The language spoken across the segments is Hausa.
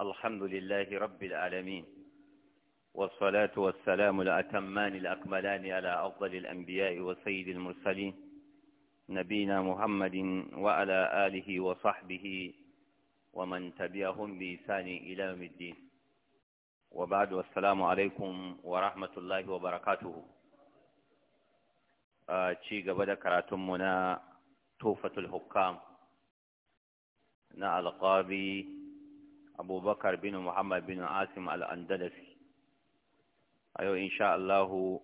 الحمد لله رب العالمين والصلاة والسلام الأتمان الأكملان على أفضل الأنبياء وسيد المرسلين نبينا محمد وعلى آله وصحبه ومن تبعهم بإسان إلى يوم الدين وبعد والسلام عليكم ورحمة الله وبركاته آه، شيء قبل كراتمنا توفة الحكام na القاضي abubakar bin muhammad bin asim al'andalasi a yau insha Allahu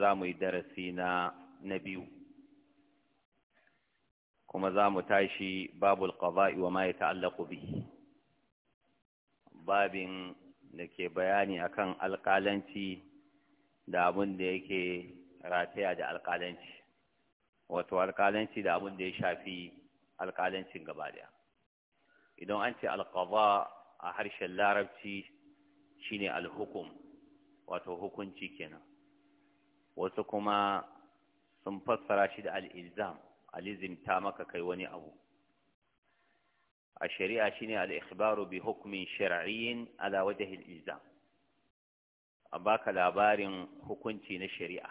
za mu yi darasi na na biyu kuma za mu tashi babul qada'i wa ma ya ta'allaku bi babin da ke bayani akan alƙalanci da abin da yake rataya da alƙalanci wato alƙalanci da abin da ya shafi alƙalancin gaba idan an ce alƙaba a harshen larabci shine alhukum wato hukunci kenan wasu kuma sun fassara shi da al'izam alizimta maka kai wani abu a shari'a shine al'ikhbaru bi hukumin shar'iyyin ala wajahil izam a baka labarin hukunci na shari'a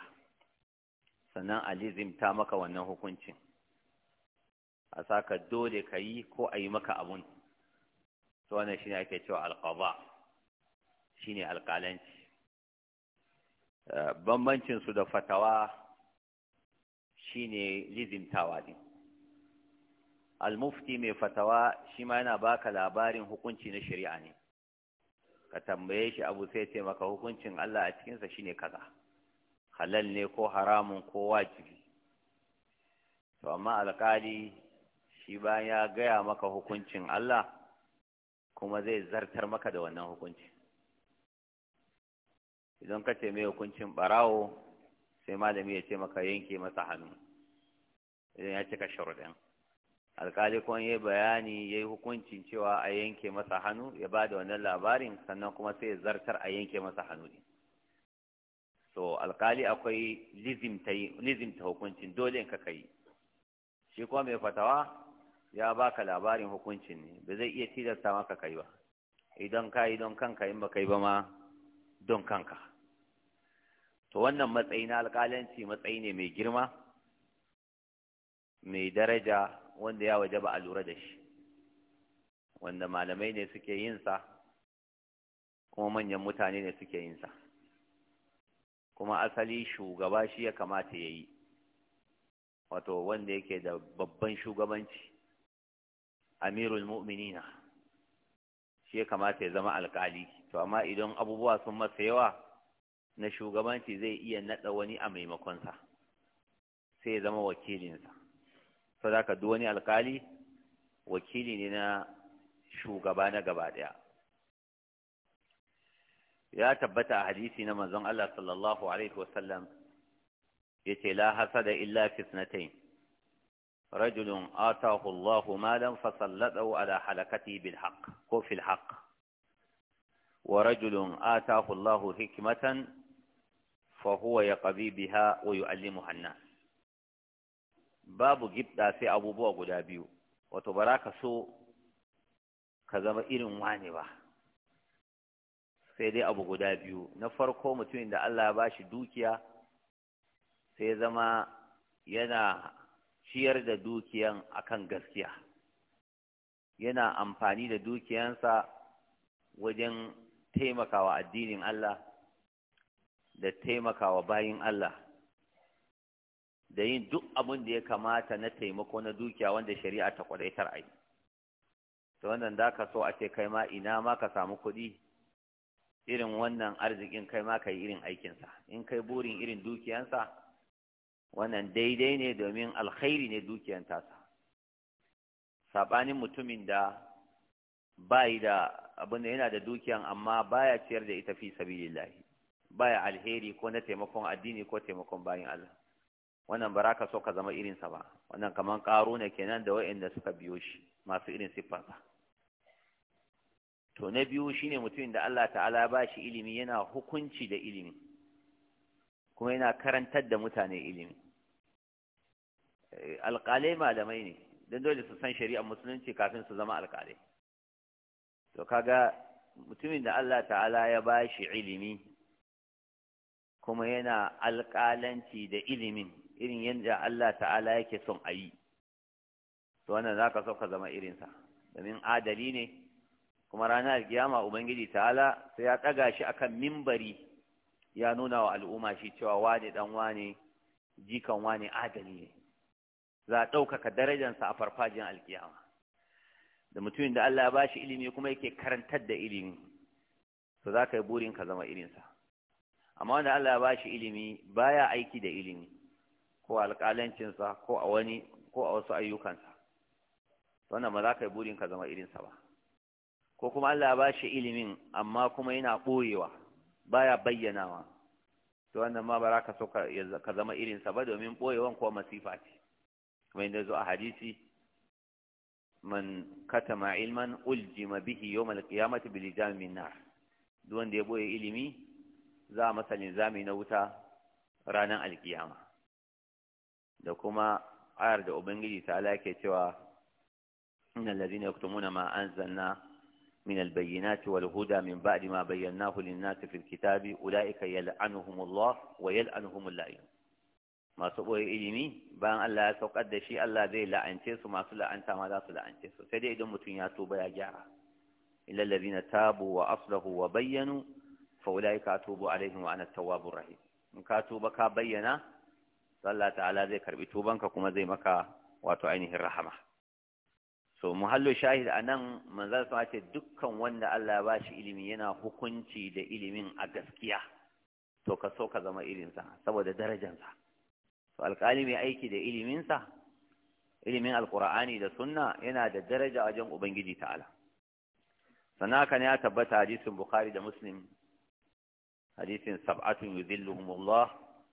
sannan alizimta maka wannan hukuncin a saka dole ka yi ko a yi maka abun to wannan shine ake cewa alqada shine alƙalanci eh, bambancin su da fatawa shine lizimtawa din almufti mai fatawa shi ma yana baka labarin hukunci na shari'a ne ka tambaye shi abu sai ce maka hukuncin Allah a cikinsa shine kaza halal ne ko haramun ko wajibi to amma alƙali shi ba ya gaya maka hukuncin Allah kuma zai zartar maka da wannan hukunci idan ka ce mai hukuncin barawo sai malami ya ce maka yanke masa hannu idan ya cika sharuɗin alkali kuma ya bayani ya yi hukuncin cewa a yanke masa hannu ya ba da wannan labarin sannan kuma sai ya zartar a yanke masa hannu ne so alkali akwai lizimta hukuncin dole in ka kai shi kuma mai fatawa ya baka labarin hukuncin ne ba zai iya tilasta maka kai ba idan ka yi don kanka in ba kai ba ma don kanka to wannan matsayi na alƙalanci matsayi ne mai girma mai daraja wanda ya waje ba a lura da shi wanda malamai ne suke yinsa kuma manyan mutane ne suke yinsa kuma asali shugaba shi ya kamata ya yi wato wanda yake da babban shugabanci amirul mu'minina shi ya kamata ya zama alkali to amma idan abubuwa sun masa yawa na shugabanci zai iya naɗa wani a maimakonsa sai ya zama wakilinsa sau da duk wani alkali wakili ne na shugaba na gaba ɗaya ya tabbata a hadisi na manzon Allah sallallahu alaihi wasallam yace la hasada illa fitnatayn rajulun atahu Allahu malan fasallatahu ala halakati bil haqq ko fil wa rajulun atahu Allahu hikmatan fa ya yaqbi biha wa yu'allimuha an babu gibda sai abubuwa guda biyu wato baraka so ka zama irin wane ba sai dai abu guda biyu na farko mutumin da Allah ya bashi dukiya sai zama yana ciyar da dukiyan akan gaskiya yana amfani da dukiyansa wajen taimakawa addinin Allah da taimakawa bayin Allah da yin duk abin da ya kamata na taimako na dukiya wanda shari'a ta kwadaitar ai to wannan da ka so a ce kai ma ina ma ka samu kuɗi irin wannan arzikin kai ma ka yi irin aikinsa in kai burin irin dukiyansa wannan daidai ne domin alkhairi ne dukiyar tasa saɓanin mutumin da bayi da abin da yana da dukiyan amma baya ciyar da ita fi sabilillahi baya alheri ko na taimakon addini ko taimakon bayin Allah wannan baraka so ka zama irinsa ba wannan kaman karo ne kenan da wa'anda suka biyo shi masu irin siffarsa to na biyu shine mutumin da Allah ta'ala ba shi ilimi yana hukunci da ilimi kuma yana karantar da mutane ilimi Eh, alƙalai malamai ne don dole su san shari'ar musulunci kafin su zama alƙalai to kaga mutumin da Allah ta'ala ya ba shi ilimi kuma yana alƙalanci da ilimin irin yadda Allah ta'ala yake son a yi to wannan za ka so ka zama irinsa domin adali ne kuma ranar Giyama ubangiji ta'ala sai ya ɗaga shi akan mimbari ya nuna wa al'umma shi cewa wane ɗan wane jikan wane adali ne za a ɗaukaka darajansa a farfajin alkiyama da mutumin da Allah ya ba shi ilimi kuma yake karantar da ilimi to za ka yi burin ka zama irinsa amma wanda Allah ya ba shi ilimi baya aiki da ilimi ko alƙalancinsa ko a wani ko a wasu ayyukansa wannan ba za ka yi burin ka zama irinsa ba ko kuma Allah ya ba shi ilimin amma kuma yana ɓoyewa baya bayyanawa to wannan ma ba za ka so ka zama irinsa ba domin ɓoyewan ko masifa ce kamar yadda zo a hadisi man katama ilman uljima bihi yawmal qiyamati bil jami min nar duk wanda ya boye ilimi za masa linzami na wuta ranar alkiyama da kuma ayar da ubangiji ta alake cewa innal ladina yaktumuna ma anzalna من البينات والهدى من بعد ما بيناه للناس في الكتاب أولئك يلعنهم الله ويلعنهم اللائم masu ɓoye ilimi bayan Allah ya saukar da shi Allah zai la'ance su masu la'anta ma za su la'ance su sai dai idan mutum ya tuba ya gyara illal na tabu wa aslahu wa bayyanu fa ulaika atubu alaihim rahim in ka tuba ka bayyana Allah ta'ala zai karbi tubanka kuma zai maka wato ainihin rahama so muhallu shahid anan manzal sa ce dukkan wanda Allah ya bashi ilimi yana hukunci da ilimin a gaskiya to ka so ka zama irinsa saboda darajarsa Su alƙali mai aiki da iliminsa ilimin alƙur'ani da sunna yana da daraja wajen ubangiji ta'ala sannan kan ya tabbata hadisin bukhari da muslim hadisin sab'atun yuzilluhumullah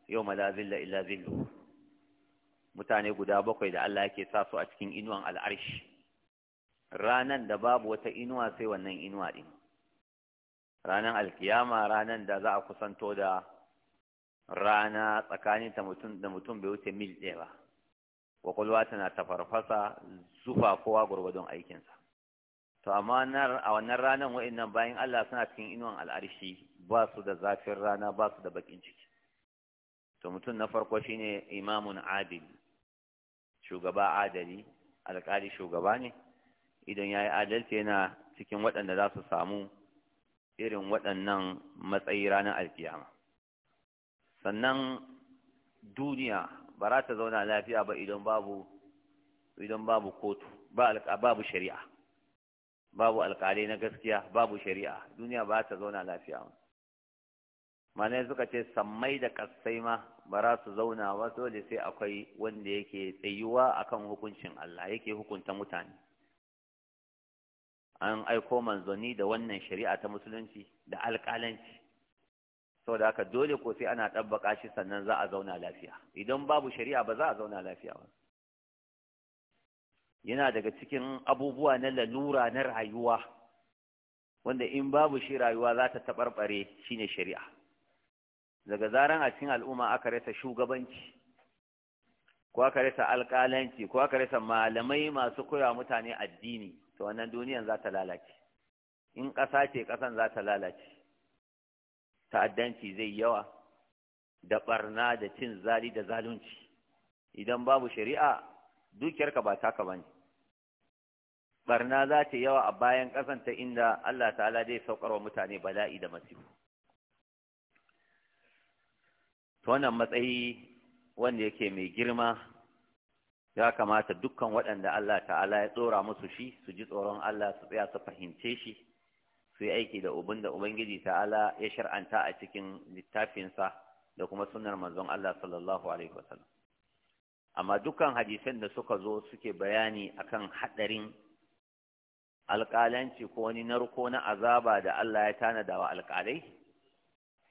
yau la zilla illa zilluh mutane guda bakwai da Allah ke sa su a cikin inuwan al'arshi ranan da babu wata inuwa sai wannan inuwa din ranan alkiyama ranar da za a kusanto da rana tsakaninta mutum da mutum bai wuce mil ɗaya ba kwakwalwa tana ta farfasa zufa kowa gwargwadon aikinsa to amma a wannan ranar wa'annan bayan Allah suna cikin inuwan al'arshi ba su da zafin rana ba su da bakin ciki to mutum na farko shine imamun adil shugaba adali alƙali shugaba ne idan ya yi adalci yana cikin waɗanda za su samu irin waɗannan matsayi ranar alkiyama sannan duniya ba za ta zauna lafiya ba idan babu idan babu kotu babu shari'a babu alƙalai na gaskiya babu shari'a duniya ba ta zauna lafiya ba mana suka ce sammai da kasai ma ba za su zauna ba dole sai akwai wanda yake tsayuwa akan hukuncin Allah yake hukunta mutane an aiko manzoni da wannan shari'a ta musulunci da alkalanci. da haka dole ko sai ana ɗabbaka shi sannan za a zauna lafiya idan babu shari'a ba za a zauna lafiya ba yana daga cikin abubuwa na lalura na rayuwa wanda in babu shi rayuwa za ta taɓarɓare ne shari'a daga zaran a cikin al'umma aka rasa shugabanci ko aka rasa alƙalanci ko aka rasa malamai masu koya mutane addini to wannan duniyan za ta lalace in ƙasa ce ƙasan za ta lalace ta'addanci zai yawa da barna da cin zali da zalunci idan babu shari'a dukiyarka ba taka bane barna za ta yawa a bayan kasan ta inda Allah ta'ala zai saukar wa mutane bala'i da masifu ta wannan matsayi wanda yake mai girma ya kamata dukkan waɗanda Allah ta'ala ya tsora musu shi su ji tsoron Allah su tsaya su fahimce shi su yi aiki da ubin da ubangiji ta'ala ya shar'anta a cikin littafinsa da kuma sunar manzon Allah sallallahu alaihi wasallam amma dukkan hadisan da suka zo suke bayani akan hadarin alƙalanci ko wani narko na azaba da Allah ya tanada wa alƙalai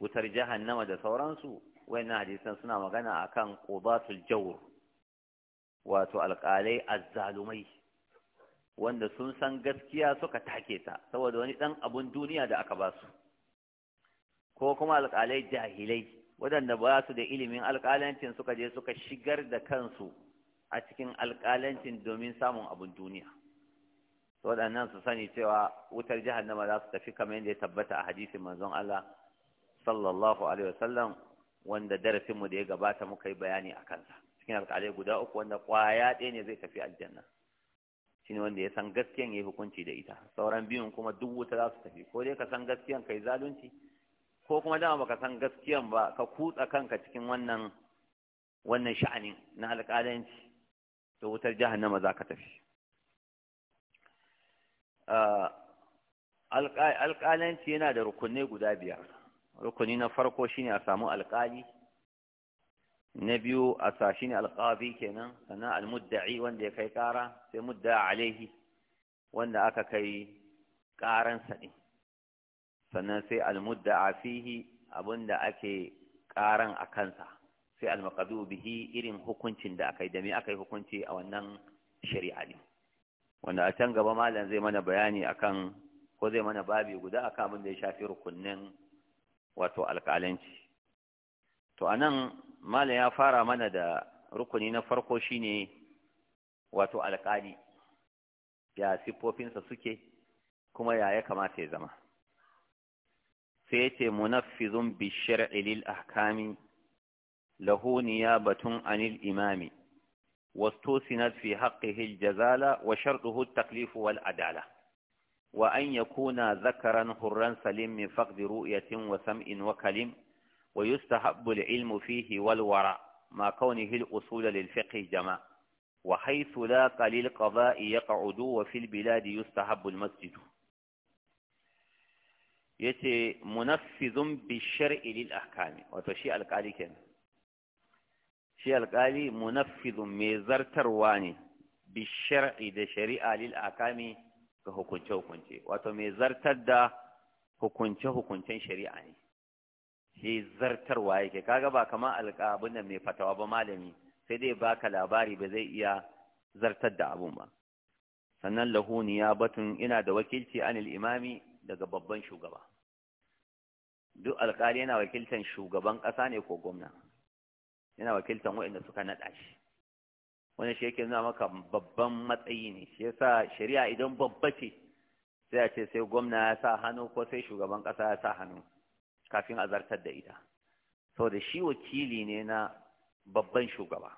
wutar jahannama da sauransu wayannan hadisan suna magana akan qubatul jawr wato alƙalai azzalumai wanda sun san gaskiya suka take ta saboda wani ɗan abun duniya da aka ba su ko kuma alƙalai jahilai waɗanda ba su da ilimin alƙalancin suka je suka shigar da kansu a cikin alƙalancin domin samun abun duniya waɗannan su sani cewa wutar jahannama za su tafi kamar yadda ya tabbata a hadisin manzon Allah sallallahu alaihi wasallam wanda darasinmu da ya gabata muka yi bayani a kansa cikin alƙalai guda uku wanda ƙwaya ɗaya ne zai tafi aljanna ne wanda ya san gaskiyan yi hukunci da ita sauran biyun kuma duk wuta za su tafi ko dai ka san gaskiyan kai zalunci ko kuma dama baka san gaskiyan ba ka kutsa kanka cikin wannan wannan sha'anin na alƙalanci to wutar jahannama za ka tafi ah, alƙalanci yana da rukunai guda biyar rukuni na farko shine a samu alƙali na biyu a sashi ne kenan sannan almudda'i wanda ya kai ƙara sai mudda alaihi wanda aka kai ƙaran saɗi sannan sai almudda a fihi abinda ake ƙaran a kansa sai almakadu bihi irin hukuncin da aka yi da aka yi hukunci a wannan shari'a ne wanda a can gaba malam zai mana bayani akan ko zai mana babi guda akan abin da ya shafi rukunnin wato alƙalanci to anan malam ya fara mana da rukuni na farko shine wato alƙali ya siffofinsa suke kuma ya ya kamata ya zama sai yace munaffizun ilil a lil ahkami ya batun anil imami واستوسنت في حقه الجزالة وشرطه wal والعدالة وأن يكون ذكرا حرا سليم من فقد رؤية وسمع وكلم ويستحب العلم فيه والورع ما كونه الأصول للفقه جمع وحيث لا لاق للقضاء يقعد وفي البلاد يستحب المسجد يتي منفذ بالشرع للأحكام وتشيء القالي كان شيء القالي منفذ ميزر ترواني بالشرع ده شريعة للأحكام كهو كنشه كنشه وتميزر تده كنشه كنشه شريعة shi zartarwa yake kaga ba kamar abin nan mai fatawa ba malami sai dai baka labari ba zai iya zartar da abun ba sannan ya batun. ina da wakilci anil imami daga babban shugaba duk alƙali yana wakiltan shugaban ƙasa ne ko gwamna yana wakiltan waɗanda suka naɗa shi wani shi yake nuna maka babban matsayi ne shi yasa shari'a idan babba ce sai a ce sai gwamna ya sa hannu ko sai shugaban ƙasa ya sa hannu kafin a zartar da ita da shi wakili ne na babban shugaba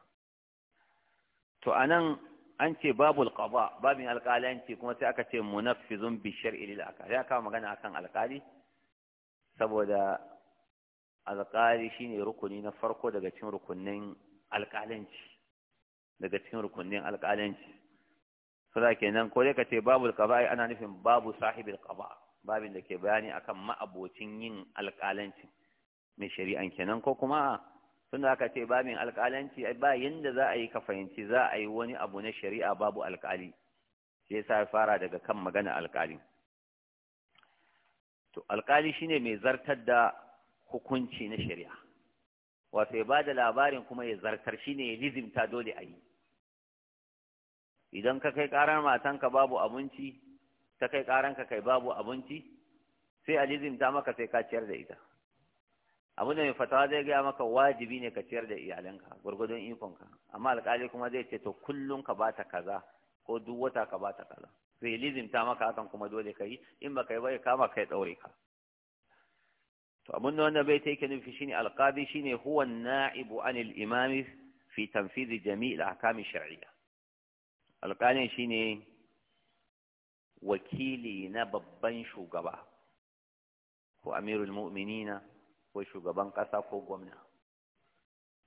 to anan an ce babu alƙaba babin ce kuma sai aka ce munaffizun bi shar'i lil ya aka magana akan alƙali saboda alƙali shine rukuni na farko daga cikin rukunin alƙalanci daga cikin rukunin alƙalanci sura kenan ko dai ka ce babul qada ana nufin babu sahibil kaba. babin da ke bayani akan ma'abocin yin alƙalanci mai shari'an kenan ko kuma tunda aka ce babin alƙalanci ba yanda za a yi ka fahimci za a yi wani abu na shari'a babu alƙali sai yasa fara daga kan magana alƙali to alƙali shine mai zartar da hukunci na shari'a wato ya da labarin kuma ya zartar shine ya lizimta dole a yi idan ka kai ƙarar matanka babu abinci ta kai ƙaranka kai babu abinci sai a ta maka sai ka ciyar da ita abin da mai fatawa zai gaya maka wajibi ne ka ciyar da iyalanka gwargwadon ikonka amma alƙali kuma zai ce to kullum ka bata kaza ko duk wata ka bata kaza sai ta maka hakan kuma dole ka yi in ba ka yi ba ya kama kai ɗaure ka to abin da wannan bai ta yake nufi shine alkali shine huwa na'ibu anil imami fi jami'a jami'il ahkami shar'iyya alƙalin shine wakili na babban shugaba ko amirul mu'minina ko shugaban kasa, ko gwamna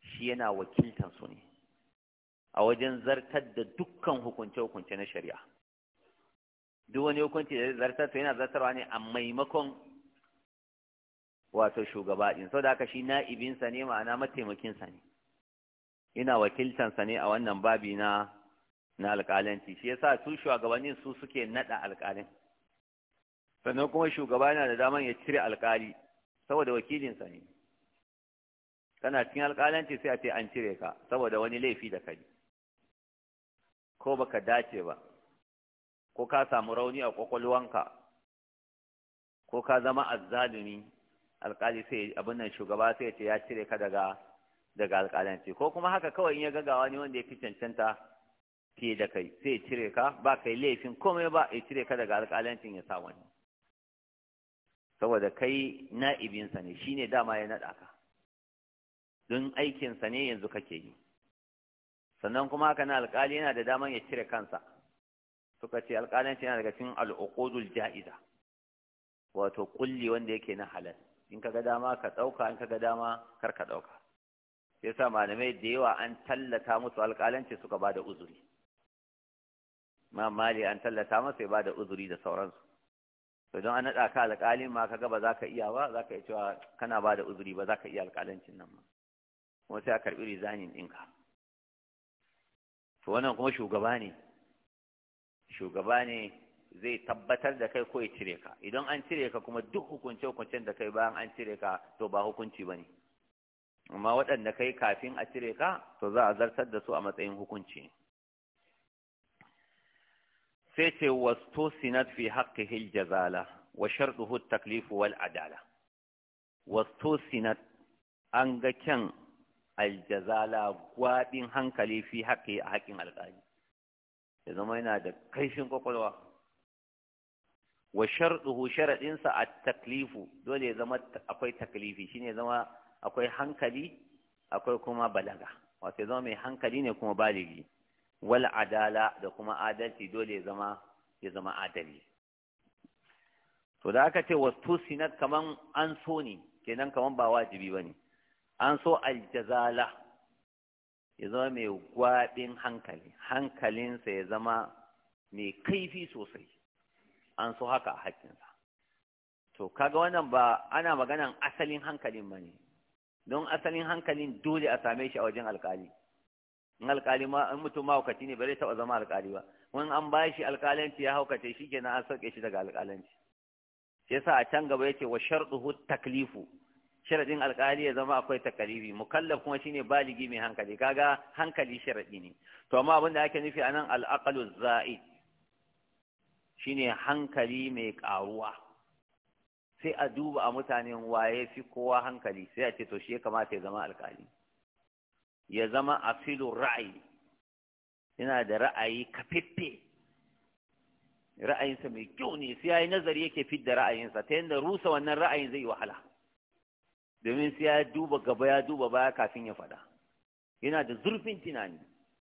shi yana wakiltan su ne a wajen zartar da dukkan hukunce-hukunce na shari'a duk wani hukunci da zartar to yana zartarwa ne a maimakon wato shugaba din da aka shi na'ibinsa ne ma'ana mataimakinsa ne yana wakiltansa ne a wannan babi na na alƙalanci shi yasa su shugabannin su suke naɗa alƙalin sannan kuma shugaba yana da daman ya cire alƙali saboda wakilinsa ne kana cikin alƙalanci sai a ce an cire ka saboda wani laifi da kai ko baka dace ba ko ka samu rauni a kwakwalwanka ko ka zama azzalumi alƙali sai abin nan shugaba sai ya ce ya cire ka daga daga alƙalanci ko kuma haka kawai in ya gagawa ne wanda ya fi cancanta fiye da kai sai ya cire ka ba kai laifin komai ba ya cire ka daga alƙalancin ya sa wani saboda kai na'ibinsa ne shine dama ya naɗa ka don aikinsa ne yanzu kake yi sannan kuma haka na alƙali yana da daman ya cire kansa suka ce alƙalanci yana daga cikin al'uqudul ja'iza wato kulli wanda yake na halal in ka ga dama ka ɗauka in ka ga dama kar ka ɗauka sai sa malamai da yawa an tallata musu alƙalanci suka ba da uzuri ma mali an tallata masa ya bada uzuri da sauransu to don an nada ka alƙalin ma kaga ba za ka iya ba za ka iya cewa kana bada uzuri ba zaka ka iya alƙalancin nan ma kuma sai a karɓi rizanin ɗinka to wannan kuma shugaba ne shugaba ne zai tabbatar da kai ko ya cire ka idan an cire ka kuma duk hukunce hukuncen da kai bayan an cire ka to ba hukunci ba ne amma waɗanda kai kafin a cire ka to za a zartar da su a matsayin hukunci sai ce wasto sinat fi haƙƙihil jazala wa sharɗuhu taklifu wal adala wasto sinat an ga kyan aljazala gwaɗin hankali fi haƙƙi a haƙƙin alƙali ya zama yana da kaifin ƙwaƙwalwa, wa sharɗuhu sharaɗinsa a taklifu dole ya zama akwai taklifi shine zama akwai hankali akwai kuma balaga wato ya zama mai hankali ne kuma baligi wal adala da kuma adalci dole ya zama ya zama adali to da aka ce sinat kaman an so ne kenan kaman ba wajibi bane an so aljazala ya zama mai gwabin hankali hankalinsa ya zama mai kaifi sosai an so haka a haƙƙinsa to kaga wannan ba ana maganan asalin hankalin ba ne don asalin hankalin dole a same shi a wajen alkali in alkali ma in mutum ne bai taba zama alkali ba wani an ba shi alkalanci ya haukace shi kenan an sauke shi daga alkalanci shi yasa a can gaba yace wa sharduhu taklifu sharaɗin alkali ya zama akwai takalifi mukallaf kuma shine baligi mai hankali kaga hankali sharaɗi ne to amma abin da ake nufi anan al-aqlu zaid shine hankali mai karuwa sai a duba a mutanen waye fi kowa hankali sai a ce to shi ya kamata ya zama alkali ya zama a filin ra'ayi yana da ra'ayi kafiffe ra'ayinsa mai kyau ne sai yayi nazari yake fidda ra'ayinsa ta yadda rusa wannan ra'ayin zai yi wahala domin sai ya duba gaba ya duba baya kafin ya faɗa yana da zurfin tunani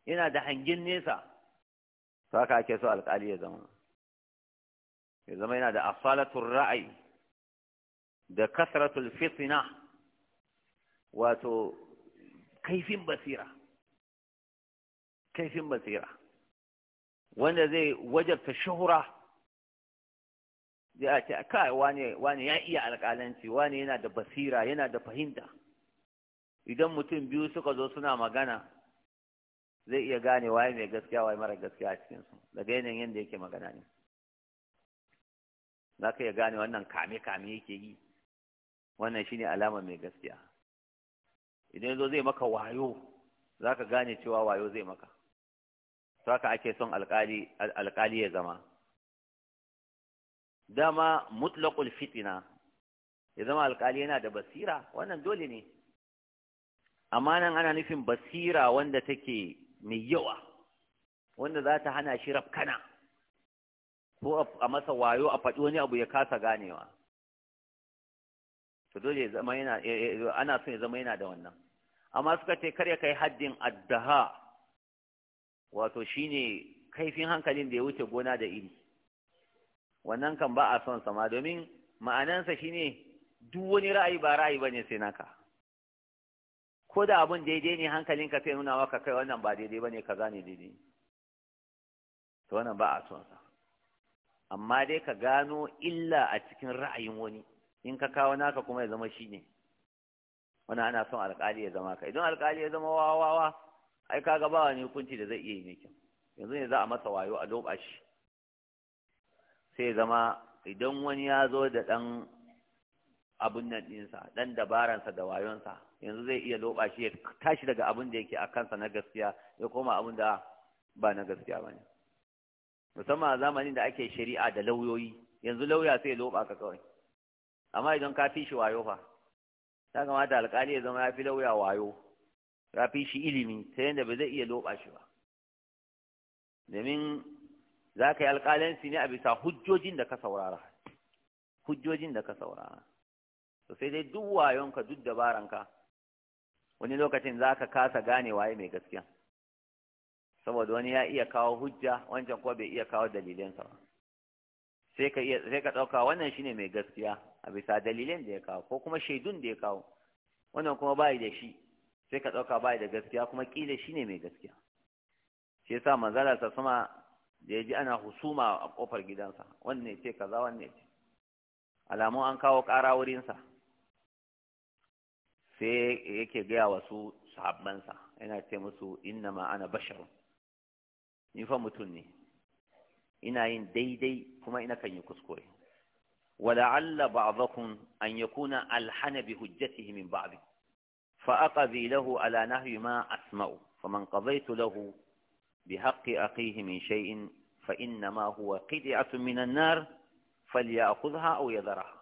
yana da hangin nesa ka ake so alkali ya zama ya zama yana da asalatul ra'ayi da kasratul fitina, wato kaifin basira kaifin basira wanda zai wajabta shahura, ya ce kai wane wane ya iya alƙalanci wane yana da basira yana da fahimta idan mutum biyu suka zo suna magana zai iya gane waye mai gaskiya waye mara gaskiya a cikin su daga yanayin yadda yake magana ne za ka iya gane wannan kame kame yake yi wannan shine alama mai gaskiya idan zo zai maka wayo za ka gane cewa wayo zai maka to haka ake son alkali ya zama dama mutlaƙul fitina ya zama alkali yana da basira wannan dole ne amma nan ana nufin basira wanda take mai yawa wanda za ta hana shi rafkana ko a masa wayo a faɗi wani abu ya kasa ganewa to dole zama yana eh, eh, ana son ya zama yana da wannan amma suka ce kar ya kai haddin addaha wato shine kaifin hankalin da ya wuce gona da iri wannan kan ba a son ma domin ma'anansa shine duk wani ra'ayi ba ra'ayi bane sai naka ko da abun daidai ne hankalinka sai nuna maka kai wannan ba daidai bane kaza ne daidai to wannan ba a son sa amma dai ka gano illa a cikin ra'ayin wani in ka kawo naka kuma ya zama shi ne wani ana son alkali ya zama ka idan alkali ya zama wawawa ai ka gaba wani hukunci da zai iya yi mai yanzu ne za a masa wayo a loba shi sai zama idan wani ya zo da ɗan abun nan ɗinsa ɗan dabaransa da wayonsa yanzu zai iya loba shi ya tashi daga abin da yake a kansa na gaskiya ya koma abin da ba na gaskiya ba ne musamman a zamanin da ake shari'a da lauyoyi yanzu lauya sai ya loba ka kawai amma idan ka fi shi wayo fa Ta kamata alƙali ya zama ya fi lauya wayo ya fi shi ilimi ta yadda ba zai iya loba shi ba domin za ka yi alƙalanci ne a bisa hujjojin da ka saurara hujjojin da ka saurara to sai dai duk wayonka duk dabaranka wani lokacin za ka kasa gane waye mai gaskiya saboda wani ya iya kawo hujja wancan ko bai iya kawo dalilinsa ba sai ka ɗauka wannan shine mai gaskiya a bisa dalilin da ya kawo ko kuma shaidun da ya kawo wannan kuma bayi da shi sai ka ɗauka bayi da gaskiya kuma ƙila shi ne mai gaskiya shi yasa manzala sa sama da ya ji ana husuma a kofar gidansa Wannan ya ce kaza wanne ce alamun an kawo ƙara wurinsa sai yake gaya wa su sahabbansa yana ce musu inna ma ana bashar ni fa mutum ne ina yin daidai kuma ina kan yi kuskure ولعل بعضكم أن يكون ألحن بهجته من بعض فأقضي له على نهي ما أسمع فمن قضيت له بحق أخيه من شيء فإنما هو قدعة من النار فليأخذها أو يذرها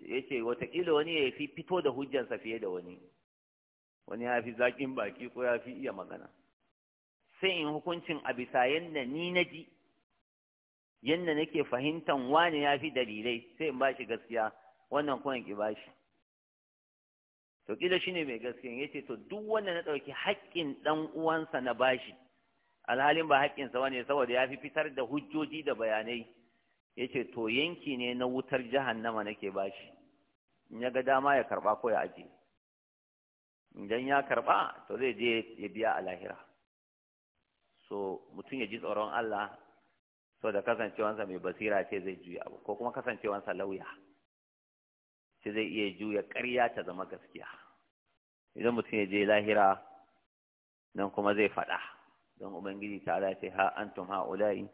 yace watakila wani ya fi fito da hujjansa fiye da wani wani ya fi zaƙin baki ko ya fi iya magana sai in hukuncin a bisa yadda ni na ji yanda nake fahimtan wane ya fi dalilai sai in ba shi gaskiya wannan kuma in ki ba shi to kila shine mai gaskiya ce to duk wanda na ɗauki haƙƙin ɗan uwansa na bashi alhalin ba haƙƙinsa wane saboda ya fi fitar da hujjoji da bayanai Ya ce to yanki ne na wutar jahannama nake bashi in ya ga dama ya karɓa ko ya ajiye idan ya karɓa to zai je ya biya a lahira so mutum ya ji tsoron Allah so da kasancewansa mai basira ce zai juya abu ko kuma kasancewansa lauya ce zai iya juya ƙarya ta zama gaskiya idan mutum ya je lahira nan kuma zai faɗa don ubangiji ta ala ce ha antum ha ulai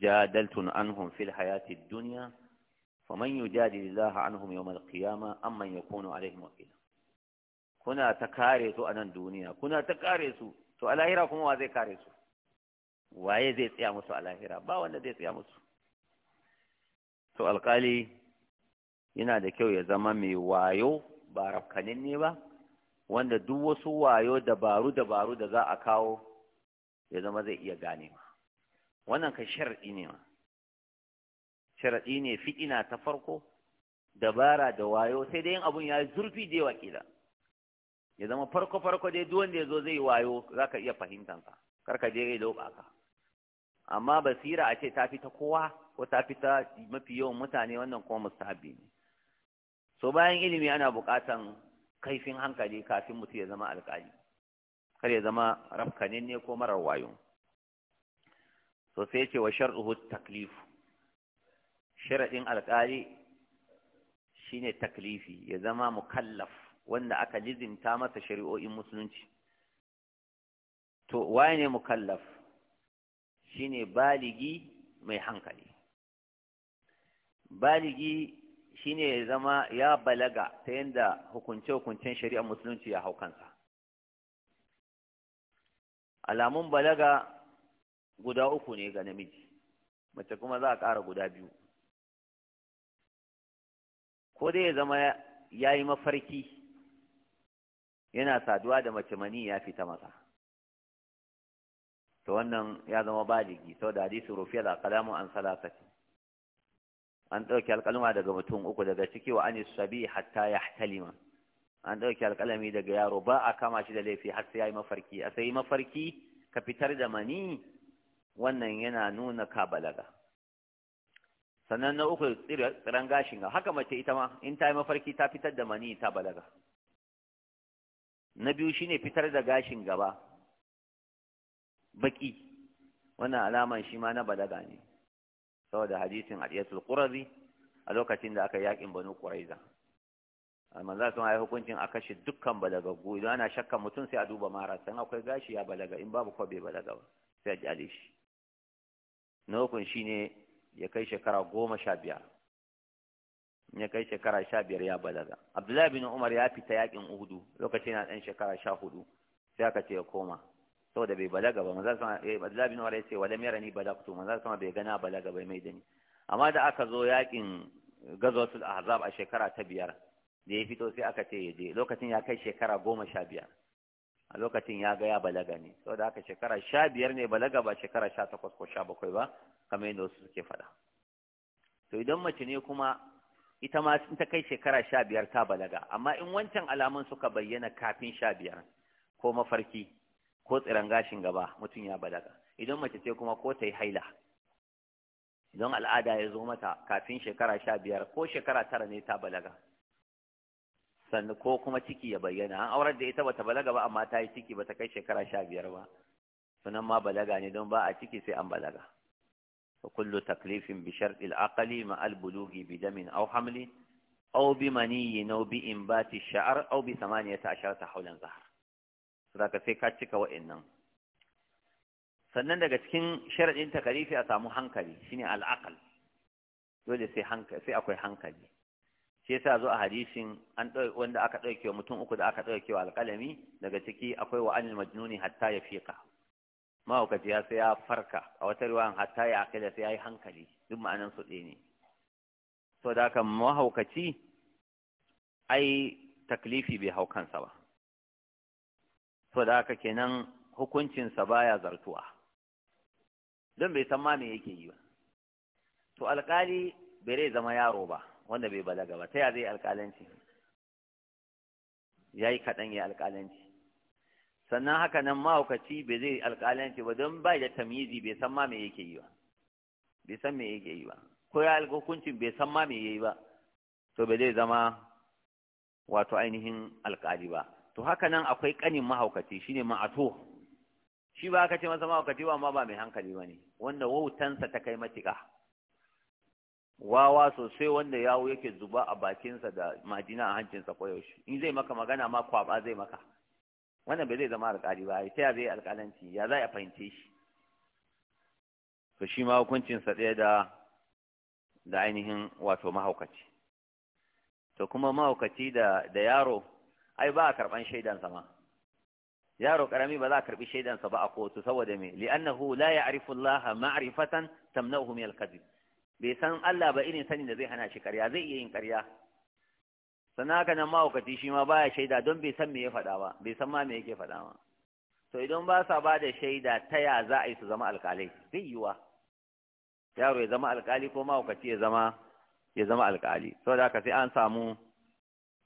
jadaltun anhum fil hayati dunya faman yujadilullaha anhum yawm al-qiyamah amman yakunu alaihim wakila kuna ta kare su a nan duniya kuna ta kare su to a lahira kuma wa zai kare su waye zai tsaya musu a lahira ba wanda zai tsaya musu to alkali yana da kyau ya zama mai wayo ba rafkanin ne ba wanda duk wasu wayo dabaru dabaru da za a kawo ya zama zai iya gane ma wannan ka sharaɗi ne ma sharaɗi ne fitina ta farko dabara da wayo sai dai yin abun ya yi zurfi da yawa kila ya zama farko farko dai duk wanda ya zo zai wayo za ka iya fahimtansa kar ka je ya loba ka amma basira a ce ta fi ta kowa ko ta fi ta mafi yawan mutane wannan kuma mustahabi ne so bayan ilimi ana buƙatan kaifin hankali kafin mutum ya zama alƙali kar ya zama rafkanin ne ko marar wayo so sai ce wa sharɗu taklif Sharaɗin alƙali shine taklifi ya zama mukallaf wanda aka lizinta masa shari'o'in musulunci to waye ne mukallaf shine baligi mai hankali baligi shine ya zama ya balaga ta yadda hukunce-hukuncen shari'ar musulunci ya hau kansa alamun balaga guda uku ne ga namiji mace kuma za a ƙara guda biyu ko dai ya zama ya yi mafarki yana saduwa da mace mani ya fita masa to wannan ya zama baligi da hadisi rufiya da kalamu an ce. an ɗauki alƙalma daga mutum uku daga ciki wa anis sabi hatta ya talima an ɗauki alƙalami daga yaro ba a kama shi da laifi har sai ya yi mafarki a sai mafarki ka fitar da mani wannan yana nuna ka balaga sannan na uku tsiran gashin ga haka mace ita ma in ta yi mafarki ta fitar da mani ta balaga na biyu shine fitar da gashin gaba baki wannan alaman shi ma na balaga ne saboda hadisin adiyatul qurabi a lokacin da aka yakin banu quraiza amman za su yi hukuncin a kashe dukkan balagaggu idan ana shakka mutum sai a duba mara san akwai gashi ya balaga in babu ko bai balaga ba sai a jale shi na hukun ne ya kai shekara goma sha biyar in ya kai shekara sha biyar ya balaga abdullahi bin umar ya fita yakin uhudu lokacin na ɗan shekara sha hudu sai aka ce ya koma saboda bai balaga ba manzo sama eh Abdullah bin Umar ya ce walam yarani balagtu manzo sama bai gana balaga bai mai dani amma da aka zo yakin gazwatul ahzab a shekara ta biyar da ya fito sai aka ce ya je lokacin ya kai shekara goma sha biyar a lokacin ya ga ya balaga ne saboda aka shekara sha biyar ne balaga ba shekara sha takwas ko sha bakwai ba kamar yadda wasu suke faɗa to idan mace ne kuma ita ma in ta kai shekara sha biyar ta balaga amma in wancan alamun suka bayyana kafin sha biyar ko mafarki ko tsiran gashin gaba mutum ya balaga idan mace ce kuma ko ta yi haila idan al'ada ya zo mata kafin shekara sha biyar ko shekara tara ne ta balaga sannan ko kuma ciki ya bayyana an aurar da ita bata balaga ba amma ta yi ciki bata kai shekara sha biyar ba sunan ma balaga ne don ba a ciki sai an balaga fa kullu taklifin bi shartil aqli ma al bulugi bi damin aw hamli aw bi maniyyin aw bi inbati shar aw bi thamaniyati ta hawlan zahr zaka sai ka cika wa'annan sannan daga cikin sharadin takalifi a samu hankali shine al'aqal dole sai hankali sai akwai hankali shi yasa zo a hadisin an wanda aka dauke mutum uku da aka dauke wa alƙalami daga ciki akwai wa anil majnuni hatta ya fiqa ya sai ya farka a wata riwayan hatta ya akila sai yayi hankali duk ma'anan su ɗaya ne so da haka mahaukaci ai taklifi bai hau kansa ba to da haka kenan hukuncinsa baya zartuwa don bai san ma me yake yi ba to alƙali bai zai zama yaro ba wanda bai balaga ba ta ya zai alƙalanci ya yi kaɗan ya alƙalanci sannan haka nan mahaukaci bai zai alƙalanci ba don bai da tamizi bai san ma me yake yi ba bai san me yake yi ba ko ya hukuncin bai san ma me yayi ba to bai zai zama wato ainihin alƙali ba to haka nan akwai kanin mahaukaci shine ma'atu shi ba ka ce masa mahaukaci ba amma ba mai hankali ba ne wanda wautansa ta kai matika wawa sosai wanda yawo yake zuba a bakinsa da majina a hancinsa koyaushe in zai maka magana ma kwaba zai maka wannan bai zai zama alƙali ba sai ya zai alƙalanci ya za a fahimce shi to shi ma hukuncinsa ɗaya da da ainihin wato mahaukaci to kuma mahaukaci da da yaro ai ba a karban shaidan ma yaro karami ba za a karbi shaidan ba a kotu saboda me li'annahu la ya'rifu Allah ma'rifatan tamna'uhu min al-kadhib bai san Allah ba irin sanin da zai hana shi ƙarya zai iya yin ƙarya sannan ka nan mahaukaci shi ma baya shaida don bai san me ya faɗa ba bai san ma me yake faɗa ma. to idan ba sa ba da shaida ta ya za a yi su zama alƙalai zai yiwa yaro ya zama alƙali ko mahaukaci ya zama ya zama alƙali saboda haka sai an samu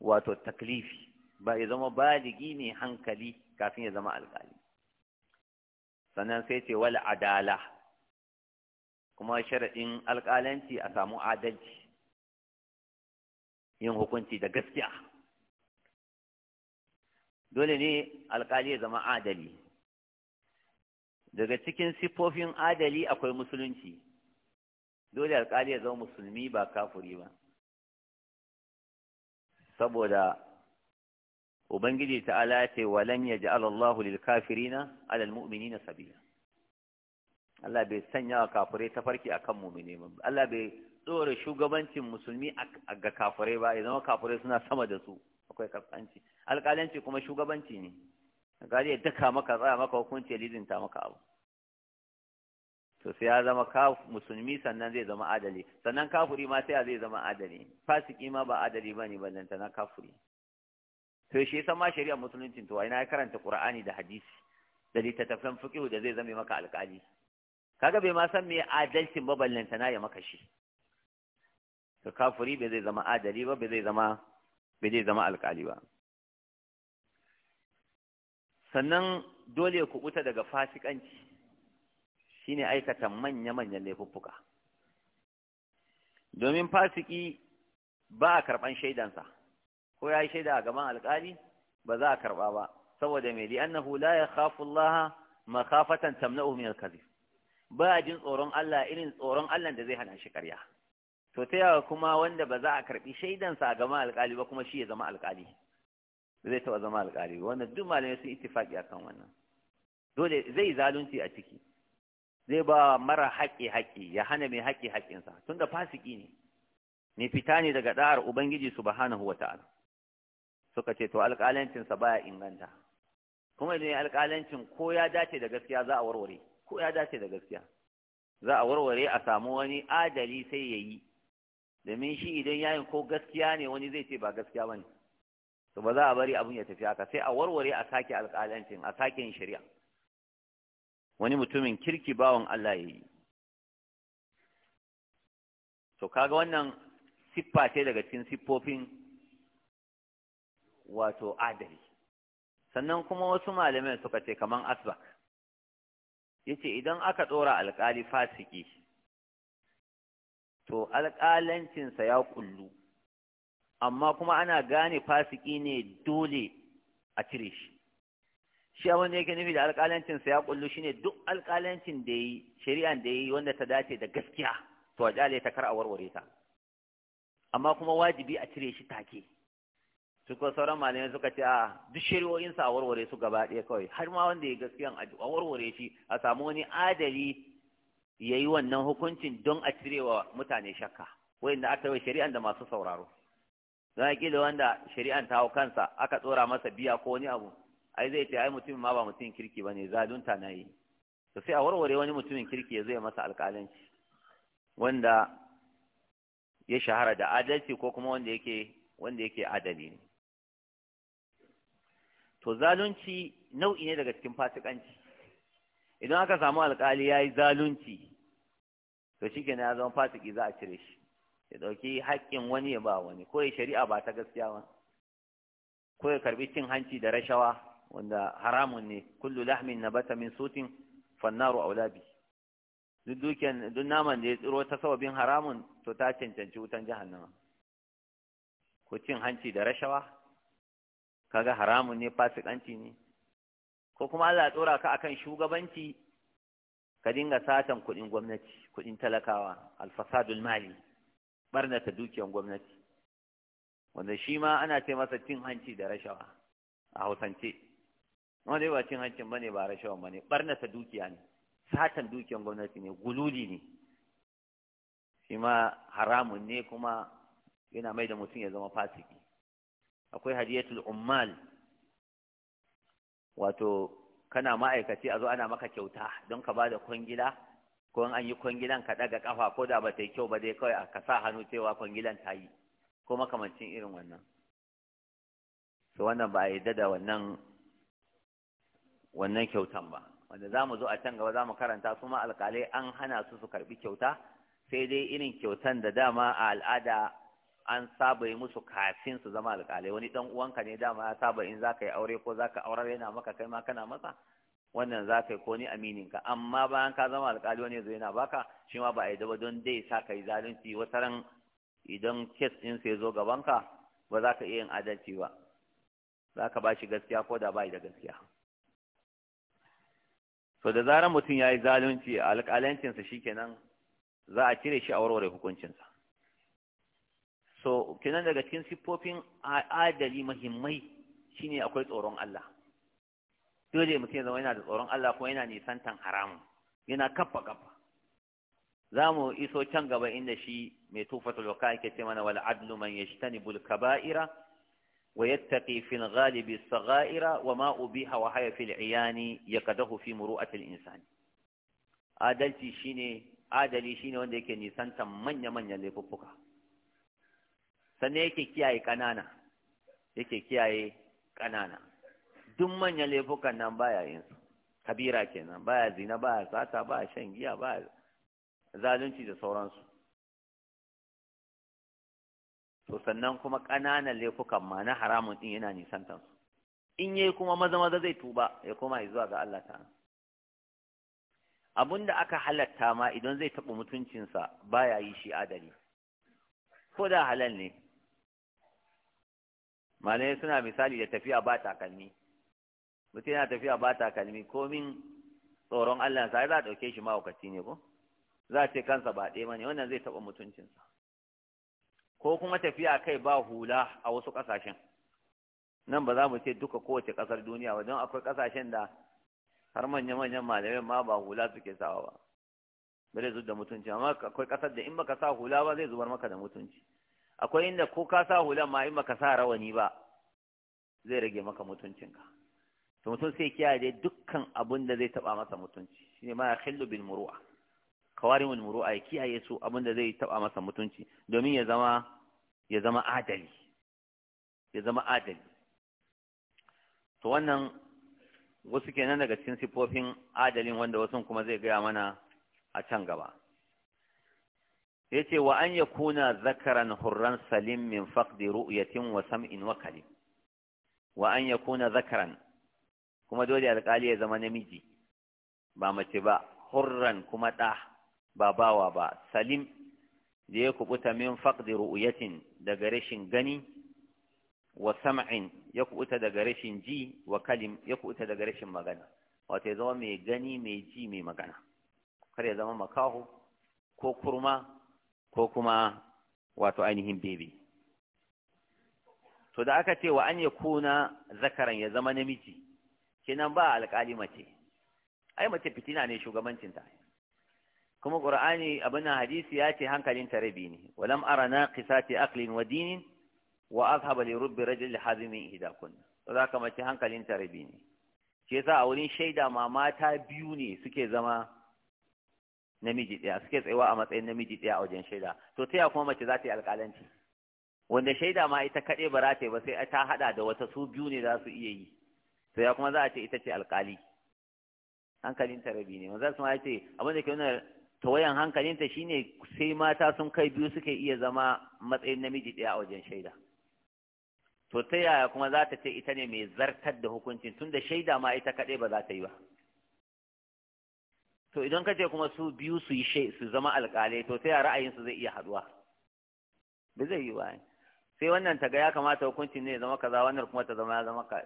wato taklifi ba ya zama baligi mai hankali kafin ya zama alkali sannan sai ce wal adala kuma sharaɗin alƙalanci a samu adalci yin hukunci da gaskiya dole ne alkali ya zama adali daga cikin siffofin adali akwai musulunci dole alkali ya zama musulmi ba kafuri ba saboda ubangiji ta'ala ya ce walan ji Allahu lil kafirina 'ala al mu'minina sabila Allah bai sanya wa kafirai tafarki akan mu'mini ba Allah bai tsore shugabancin musulmi ga kafirai ba ya zama kafirai suna sama da su akwai kafanci alƙalanci kuma shugabanci ne gari ya daka maka tsaya maka hukunci ya lizinta maka abu to sai ya zama musulmi sannan zai zama adali sannan kafuri ma sai zai zama adali fasiki ma ba adali bane ballanta na kafuri to shi yasa ma shari'a musulunci to ina ya karanta qur'ani da hadisi da littattafan fiqh da zai zame maka alƙali kaga bai ma san me adalcin ba na ya maka shi to kafiri bai zai zama adali ba bai zai zama bai zai zama alƙali ba sannan dole ku kuta daga fasikanci shine aikata manya-manyan laifuffuka domin fasiki ba a karɓan shaidansa ko ya yi shaida a gaban alƙali ba za a karɓa ba saboda mai li'annahu hula ya khafu Allah makhafatan tamna'u min al-kadhib ba jin tsoron Allah irin tsoron Allah da zai hana shi karya. to ta yawa kuma wanda ba za a karɓi shaidansa a gaban alƙali ba kuma shi ya zama alƙali zai taɓa zama alƙali wannan duk malamai sun ittifaqi akan wannan dole zai zalunci a ciki zai ba mara haƙƙi haƙƙi ya hana mai haƙƙi haƙƙinsa tunda fasiki ne ne fita ne daga da'ar ubangiji subhanahu wata'ala suka ce to alƙalancinsa baya inganta kuma idan alƙalancin ko ya dace da gaskiya za a warware ko ya dace da gaskiya za a warware a samu wani adali sai ya yi domin shi idan yayin ko gaskiya ne wani zai ce ba gaskiya ba ne to ba za a bari abin ya tafi haka sai a warware a sake alƙalancin a sake yin shari'a wani mutumin kirki bawan Allah ya yi to kaga wannan siffa ce daga cikin siffofin wato adali sannan kuma wasu malamai suka ce kaman asbak yace idan aka ɗora alƙali fasiki to alkalancinsa ya kullu amma kuma ana gane fasiki ne dole a cire shi shi abin da yake nufi da alkalancinsa ya kullu shine duk alkalancin da yi shari'an da yi wanda ta dace da gaskiya to a ta kar a warware ta amma kuma wajibi a cire shi take suka sauran malamai suka ce a duk shari'o'insa a warware su gaba ɗaya kawai har ma wanda ya gaskiya a warware shi a samu wani adali ya yi wannan hukuncin don a cire wa mutane shakka wanda aka yi shari'an da masu sauraro don ƙila wanda shari'an ta hau kansa aka tsora masa biya ko wani abu ai zai ce ai mutumin ma ba mutumin kirki ba ne zalunta na yi to sai a warware wani mutumin kirki ya zo masa alƙalanci wanda ya shahara da adalci ko kuma wanda yake wanda yake adali ne to zalunci nau'i ne daga cikin fasikanci idan aka samu alkali ya yi zalunci to shi ke ya zama fasiki za a cire shi ya ɗauki haƙƙin wani ya ba wani ko ya shari'a ba ta gaskiya ba ko ya karbi cin hanci da rashawa wanda haramun ne kullu lahmin bata min sutin fannaru aulabi duk dukiyan duk naman da ya tsiro ta sababin haramun to ta cancanci wutan jahannama ko cin hanci da rashawa kaga haramun ne fasikanci ne ko kuma Allah ya tsora ka akan shugabanci ka dinga satan kuɗin gwamnati kuɗin talakawa alfasadul mali barnata dukiyar gwamnati wanda shi ma ana ce masa cin hanci da rashawa a hausance wanda ba cin hancin bane ba rashawa bane barnata dukiya ne satan dukiyar gwamnati ne gululi ne shi ma haramun ne kuma yana mai da mutum ya zama fasiki akwai hadiyatul ummal wato kana ma'aikaci a zo ana maka kyauta don ka ba da kwangila ko an yi kwangilan ka daga kafa ko da ba ta yi kyau ba dai kawai ka sa hannu cewa kwangilan ta yi ko makamancin irin wannan to wannan ba a yadda da wannan wannan kyautan ba wanda za mu zo a can gaba za mu karanta su ma alƙalai an hana su su karɓi kyauta sai dai irin kyautan da dama a al'ada an saba yi musu kafin su zama alƙalai wani dan uwanka ne dama ya saba in zaka yi aure ko zaka aurar yana maka kai ma kana masa wannan za ka yi ko ni amininka amma bayan ka zama alƙali wani zai yana baka shi ma ba a yi daba don dai sa ka yi zalunci wata ran idan kes ɗin sai zo gaban ka, ba za ka iya yin adalci ba za ka ba shi gaskiya ko da ba da gaskiya so da zarar mutum ya yi zalunci alƙalancinsa shikenan za a cire shi a warware hukuncinsa so kenan daga cikin siffofin adali mahimmai shine akwai tsoron Allah dole mutum ya zama yana da tsoron Allah kuma yana nisantan haramun yana kafa kafa za mu iso can gaba inda shi mai tufatul waka yake ce mana wal adlu man yajtanibul kaba'ira wa yattaqi fil ghalibi saghaira wa ma ubiha wa haya fil iyani yakadahu fi muru'ati al insani adalci shine adali shine wanda yake nisantan manya manyan laifuffuka sannan yake kiyaye ƙanana yake kiyaye ƙanana duk manyan laifukan nan baya yin su kabira kenan baya zina baya sata baya shan giya baya zalunci da sauransu to sannan kuma ƙananan laifukan ma na haramun ɗin yana su. in yayi kuma maza maza zai tuba ya koma zuwa ga Allah ta. Abunda da aka halatta ma idan zai taɓa mutuncinsa baya yi shi adali ko da halal ne mane suna misali da tafiya ba takalmi mutum yana tafiya ba takalmi komin tsoron Allah sai za a ɗauke shi mawukaci ne ko za a ce kansa ba ɗaya mane wannan zai taɓa mutuncinsa ko kuma tafiya kai ba hula a wasu ƙasashen nan ba za mu ce duka kowace ƙasar duniya ba don akwai ƙasashen da har manya-manyan malamai ma ba hula suke sawa ba bare zubar da mutunci amma akwai ƙasar da in baka sa hula ba zai zubar maka da mutunci akwai inda ko ka sa hulan ma in maka sa rawani ba zai rage maka mutuncinka to mutum sai kiyaye dukkan abin da zai taba masa mutunci shine ma khillu bil muru'a kawarimul muru'a ya kiyaye su abin da zai taba masa mutunci domin ya zama ya zama adali ya zama adali to wannan wasu kenan daga cikin sifofin adalin wanda wasu kuma zai gaya mana a can gaba yace wa an yakuna zakaran hurran salim min faqdi ru'yatin wa sam'in wa kalim wa an yakuna zakaran kuma dole alƙali ya zama namiji ba mace ba hurran kuma ɗa ba bawa ba salim da ya kubuta min faqdi ru'yatin daga rashin gani wa sam'in ya kubuta daga rashin ji wa kalim ya kubuta daga rashin magana wato ya zama mai gani mai ji mai magana kar ya zama makaho ko kurma ko kuma wato ainihin bebe to da aka ce wa an yi kuna zakaran ya zama namiji kenan ba alƙali mace ai mace fitina ne shugabancinta kuma ƙura'ani abin hadisi ya ce hankalin rabi ne walam ara ce aqlin wa dinin wa azhaba li rubbi rajul hazimi ihda kunna to ka mace hankalin rabi ne Ke sa a wurin shaida ma mata biyu ne suke zama namiji ɗaya suke tsayawa a matsayin namiji ɗaya a wajen shaida to ta kuma mace za ta yi alƙalanci wanda shaida ma ita kaɗai ba za ta yi ba sai ta haɗa da wata su biyu ne za su iya yi to ya kuma za a ce ita ce alƙali hankalin ta rabi ne wanda su ma ya ce abin da ke nuna tawayan ta shine sai mata sun kai biyu suke iya zama matsayin namiji ɗaya a wajen shaida to ta yaya kuma za ta ce ita ne mai zartar da hukuncin tunda shaida ma ita kaɗai ba za ta yi ba to idan ka ce kuma su biyu su yi su zama alƙalai to sai ra'ayinsu zai iya haɗuwa ba zai yi ba sai wannan ta ga ya kamata hukuncin ne ya zama kaza wannan kuma ta zama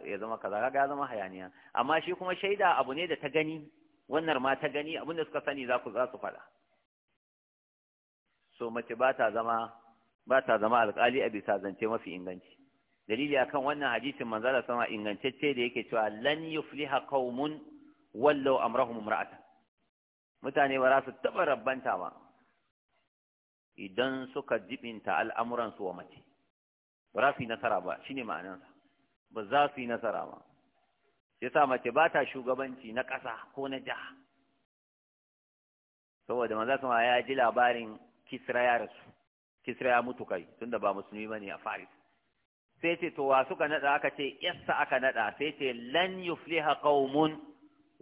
ya zama kaza kaga ya zama hayaniya amma shi kuma shaida abu ne da ta gani wannan ma ta gani abinda suka sani za ku za su faɗa so mace ba ta zama ba ta zama alƙali a bisa zance mafi inganci dalili akan wannan hadisin manzala sama ingantacce da yake cewa lan yufliha qaumun wallau amrahum imra'atan mutane ba za su taɓa rabbanta ba idan suka jibinta al'amuransu wa mace ba za su yi nasara ba shi ne ma'anansa ba za su yi nasara ba ya sa mace ba ta shugabanci na ƙasa ko na jiha saboda maza kuma ya ji labarin kisra ya rasu kisra ya mutu kai tunda ba musulmi ba ne a faris sai ce to wa suka naɗa aka ce yassa aka naɗa sai ce lan yufliha qaumun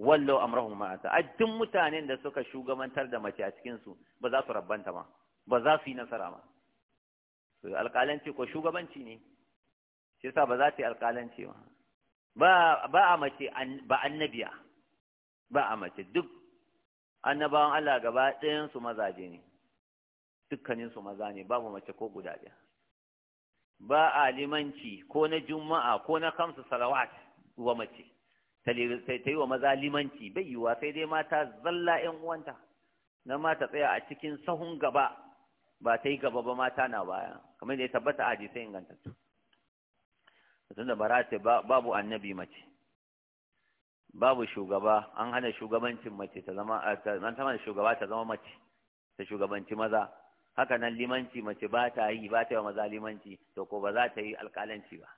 wallau amrahum ma'ata a duk mutanen da suka shugabantar da mace a cikin su ba za su rabbanta ma ba za su yi nasara ma to alƙalanci ko shugabanci ne shi yasa ba za ta yi alƙalanci ba ba a mace ba annabiya ba a mace duk annabawan Allah gaba ɗayan su mazaje ne dukkanin su maza ne babu mace ko guda ɗaya ba a ko na juma'a ko na kamsu salawat wa mace ta yi wa maza limanci bai wa, sai dai mata zalla ‘yan uwanta na mata tsaya a cikin sahun gaba ba ta yi gaba ba mata na baya kamar da ya tabbata a jisai ingantattu tun da bara ce babu annabi mace babu shugaba an hana shugabancin mace ta zama an sama shugaba ta zama mace ta shugabanci maza haka nan limanci mace ba ta yi ba ta yi wa maza limanci to ko ba za ta yi alƙalanci ba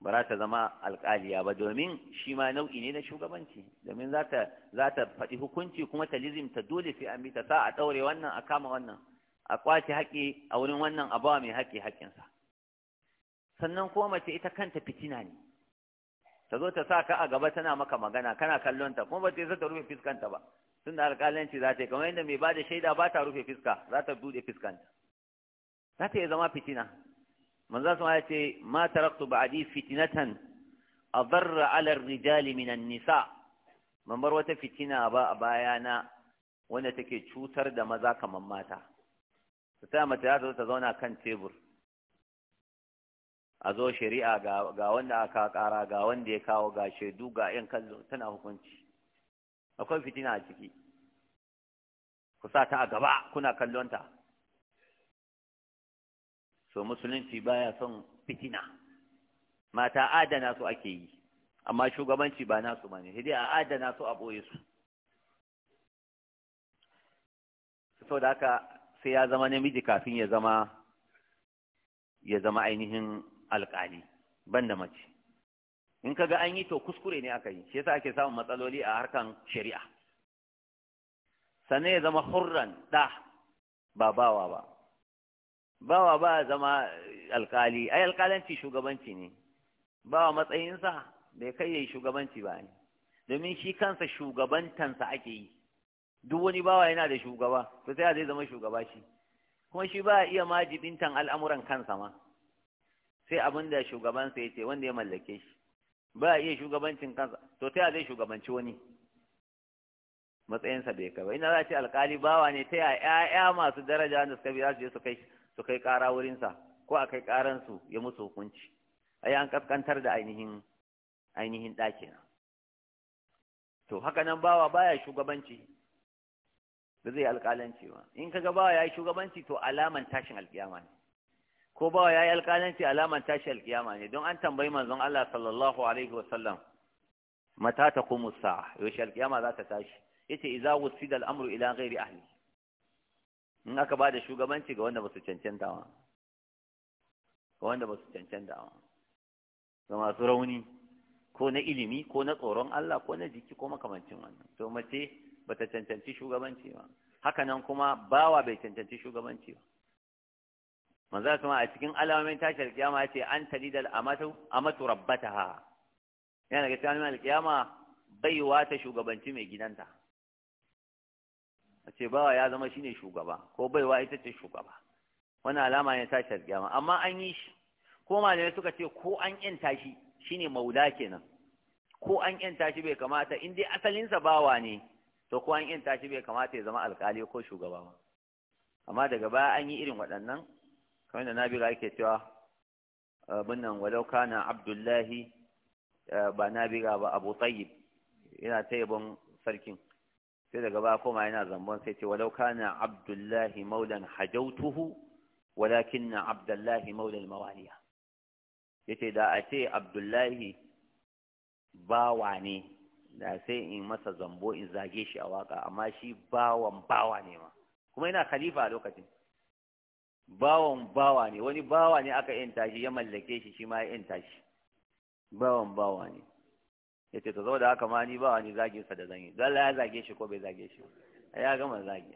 ba za ta zama alƙaliya ba domin shi ma nau'i ne na shugabanci domin za ta faɗi hukunci kuma ta lizimta dole sai an bi sa a ɗaure wannan a kama wannan a ƙwace haƙƙi a wurin wannan a bawa mai haƙƙi haƙƙinsa sannan kuma mace ita kanta fitina ne ta zo ta sa ka a gaba tana maka magana kana kallon ta kuma ba ta ta rufe fiskanta ba tun da alƙalanci za ta yi kamar yadda mai ba da shaida ba ta rufe fiska za ta buɗe fiskanta za ta iya zama fitina manzo sun ya ce ma taraktu ba'di fitnatan adarra 'ala ar-rijal min an-nisa man bar wata fitina ba a bayana wanda take cutar da maza kaman mata ta sa mata ta zo ta zauna kan tebur a zo shari'a ga wanda aka kara ga wanda ya kawo ga shaidu ga 'yan kallo tana hukunci akwai fitina a ciki ku sa ta a gaba kuna kallonta so musulunci baya son fitina mata adana su ake yi amma shugabanci ba nasu ba ne a adana su a ɓoye su so da haka sai ya zama namiji kafin ya zama ya zama ainihin alƙali ban mace in kaga an yi to kuskure ne aka yi shi yasa ake samun matsaloli a harkan shari'a sannan ya zama hurran da ba bawa ba bawa ba zama alkali ai alkalanci shugabanci ne bawa matsayinsa bai kai yayi shugabanci ba ne domin shi kansa shugabantansa ake yi duk wani bawa yana da shugaba to sai zai zama shugaba shi kuma shi ba iya ma jibintan al'amuran kansa ma sai abin da shugabansa ya ce wanda ya mallake shi ba iya shugabancin kansa to ta zai shugabanci wani matsayinsa bai kai ba ina za a ce alkali bawa ne ta yaya masu daraja wanda suka biya su je su kai su kai ƙara wurinsa ko a kai ƙaransu ya musu hukunci ai an kaskantar da ainihin ainihin ɗakin to haka nan bawa baya shugabanci da zai alƙalanci ba in kaga bawa ya yi shugabanci to alaman tashin alƙiyama ne ko bawa ya yi alƙalanci alaman tashin alƙiyama ne don an tambayi manzon Allah sallallahu alaihi wa sallam mata kuma sa'a yaushe alƙiyama za ta tashi yace idza wusida al-amru ila ghairi ahli in aka ba da shugabanci ga wanda ba su cancanta wa ga wanda ba su cancanta wa ga masu rauni ko na ilimi ko na tsoron Allah ko na jiki ko makamancin wannan to mace ba ta cancanci shugabanci ba haka nan kuma bawa bai cancanci shugabanci ba manzo kuma a cikin alamomin tashar kiyama yace an talidal amatu amatu rabbataha yana ga cikin alkiyama kiyama baiwa ta shugabanci mai gidanta a ce bawa ya zama shine shugaba ko baiwa ita ce shugaba wannan alama ne ta ma, amma an yi shi ko malamai suka ce ko an yanta shi shine maula kenan ko an yanta shi bai kamata in dai asalinsa bawa ne to ko an yanta shi bai kamata ya zama alkali ko shugaba ba amma daga baya an yi irin waɗannan kamar da nabila yake cewa binnan walau kana abdullahi eh, ba nabila ba abu tayyib yana ta sarkin sai daga ba koma yana zambon sai ce walau kana abdullahi maulan hajautuhu walakin na abdullahi maulan mawaliya ya ce da a ce abdullahi bawa ne da sai in masa zambo in zage shi a waka amma shi bawan bawa ne ma kuma yana khalifa a lokacin bawan bawa ne wani bawa ne aka yanta shi ya mallake shi shi ma ya yanta shi bawan bawa ne ya ce ta da haka ma ni ba wani zagin sa da zan yi zalla ya zage shi ko bai zage shi ya gama zagi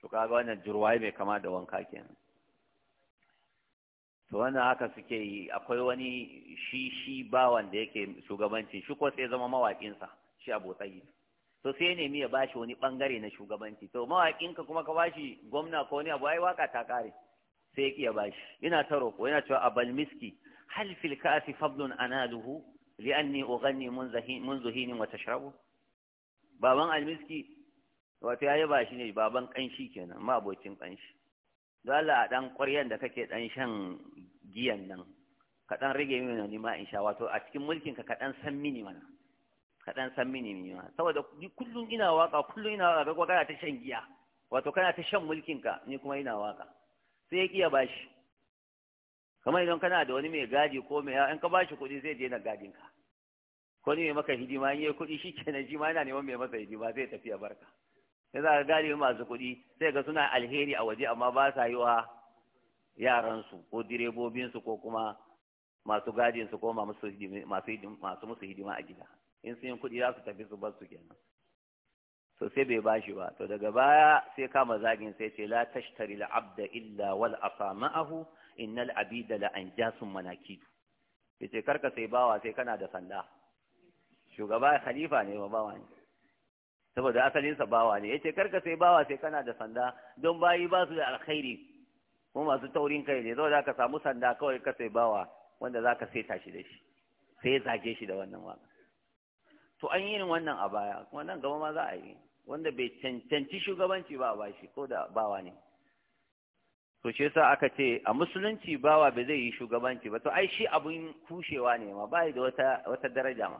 to kaga wannan jurwai mai kama da wanka kenan to wannan haka suke yi akwai wani shi shi bawan da yake shugabanci shi ko sai zama mawaƙinsa shi abotsayi. to sai ya nemi ya bashi wani bangare na shugabanci to mawaƙinka kuma ka bashi gwamna ko wani abu ai waka ta kare sai ya bashi yana ta roƙo yana cewa abal miski hal fil kafi fablun analuhu li'anni ughanni منذ حين وتشرب baban almiski wato yayi ba shi ne baban kanshi kenan ma abokin kanshi don Allah a dan ƙwaryan da kake dan shan giyan nan ka dan rage mini ni ma insha wato a cikin mulkin ka ka dan san mini mana ka dan san mini ni ma saboda kullun ina waka kullun ina waka ga kana ta shan giya wato kana ta shan mulkin ka ni kuma ina waka sai ya kiya bashi kamar idan kana da wani mai gadi ko mai yawa in ka bashi kuɗi zai daina gadin ka ko ni mai maka hidima in yi kuɗi shi ke shi ma yana neman mai masa hidima zai tafi ya barka sai za ka gadi masu kuɗi sai ga suna alheri a waje amma ba sa yi wa yaransu ko direbobinsu ko kuma masu gadinsu ko masu musu hidima a gida in sun yi kuɗi za su tafi su bar su kenan to sai bai bashi ba to daga baya sai kama zagin sai ce la tashtari al-abda illa wal asama'ahu ma'ahu innal abida la anjasun manakidu yace karka sai bawa sai kana da sanda shugaba khalifa ne ba bawa ne saboda asalin sa bawa ne yace karka sai bawa sai kana da sanda don bayi ba su da alkhairi ko masu taurin kai ne saboda ka samu sanda kawai ka sai bawa wanda zaka saita shi da shi sai zage shi da wannan waka to an yi wannan a baya kuma nan gaba ma za a yi wanda bai cancanci shugabanci ba a bashi ko da bawa ne to shi yasa aka ce a musulunci bawa ba zai yi shugabanci ba to ai shi abun kushewa ne ma bai da wata wata daraja ma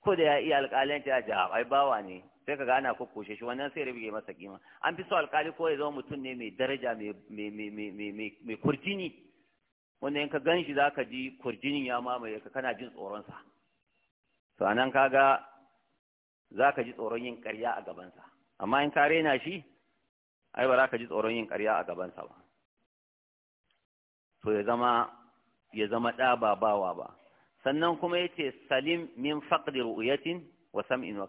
ko da ya iya alƙalanci a jawab ai bawa ne sai kaga ana kokoshe shi wannan sai rubige masa kima an fi so alƙali ko ya zama mutum ne mai daraja mai mai kurjini wanda in ka gan shi ka ji kurjinin ya mamaye ka kana jin tsoron sa to anan kaga ka ji tsoron yin ƙarya a gabansa amma in ka rena shi ai ba za ka ji tsoron yin ƙarya a gabansa ba to ya zama ya zama ɗa ba bawa ba sannan kuma ya ce salim min faƙdi ru'uyatin wa sam'in wa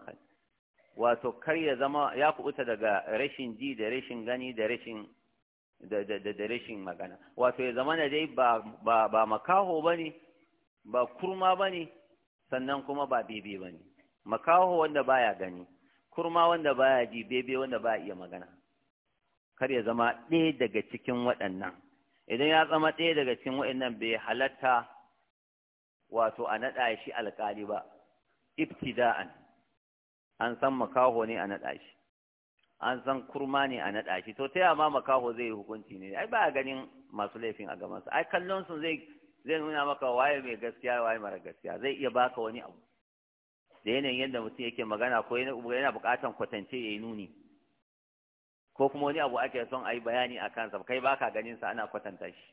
wato kar ya zama ya kubuta daga rashin ji da rashin gani da rashin da da da rashin magana wato ya zama dai ba ba ba makaho bane ba kurma bane sannan kuma ba bebe bane makaho wanda baya gani kurma wanda baya ji bebe wanda baya iya magana kar ya zama ɗaya daga cikin waɗannan idan ya zama ɗaya daga cikin wa'annan bai halatta wato a naɗa shi alƙali ba ibtida'an an san makaho ne a naɗa shi an san kurma ne a naɗa shi to ta ma makaho zai yi hukunci ne ai ba a ganin masu laifin a gabansa ai kallon su zai zai nuna maka waye mai gaskiya waye mara gaskiya zai iya baka wani abu da yanayin yadda mutum yake magana ko yana buƙatan kwatance ya yi nuni ko kuma wani abu ake son a yi bayani a kansa kai baka ganin sa ana kwatanta shi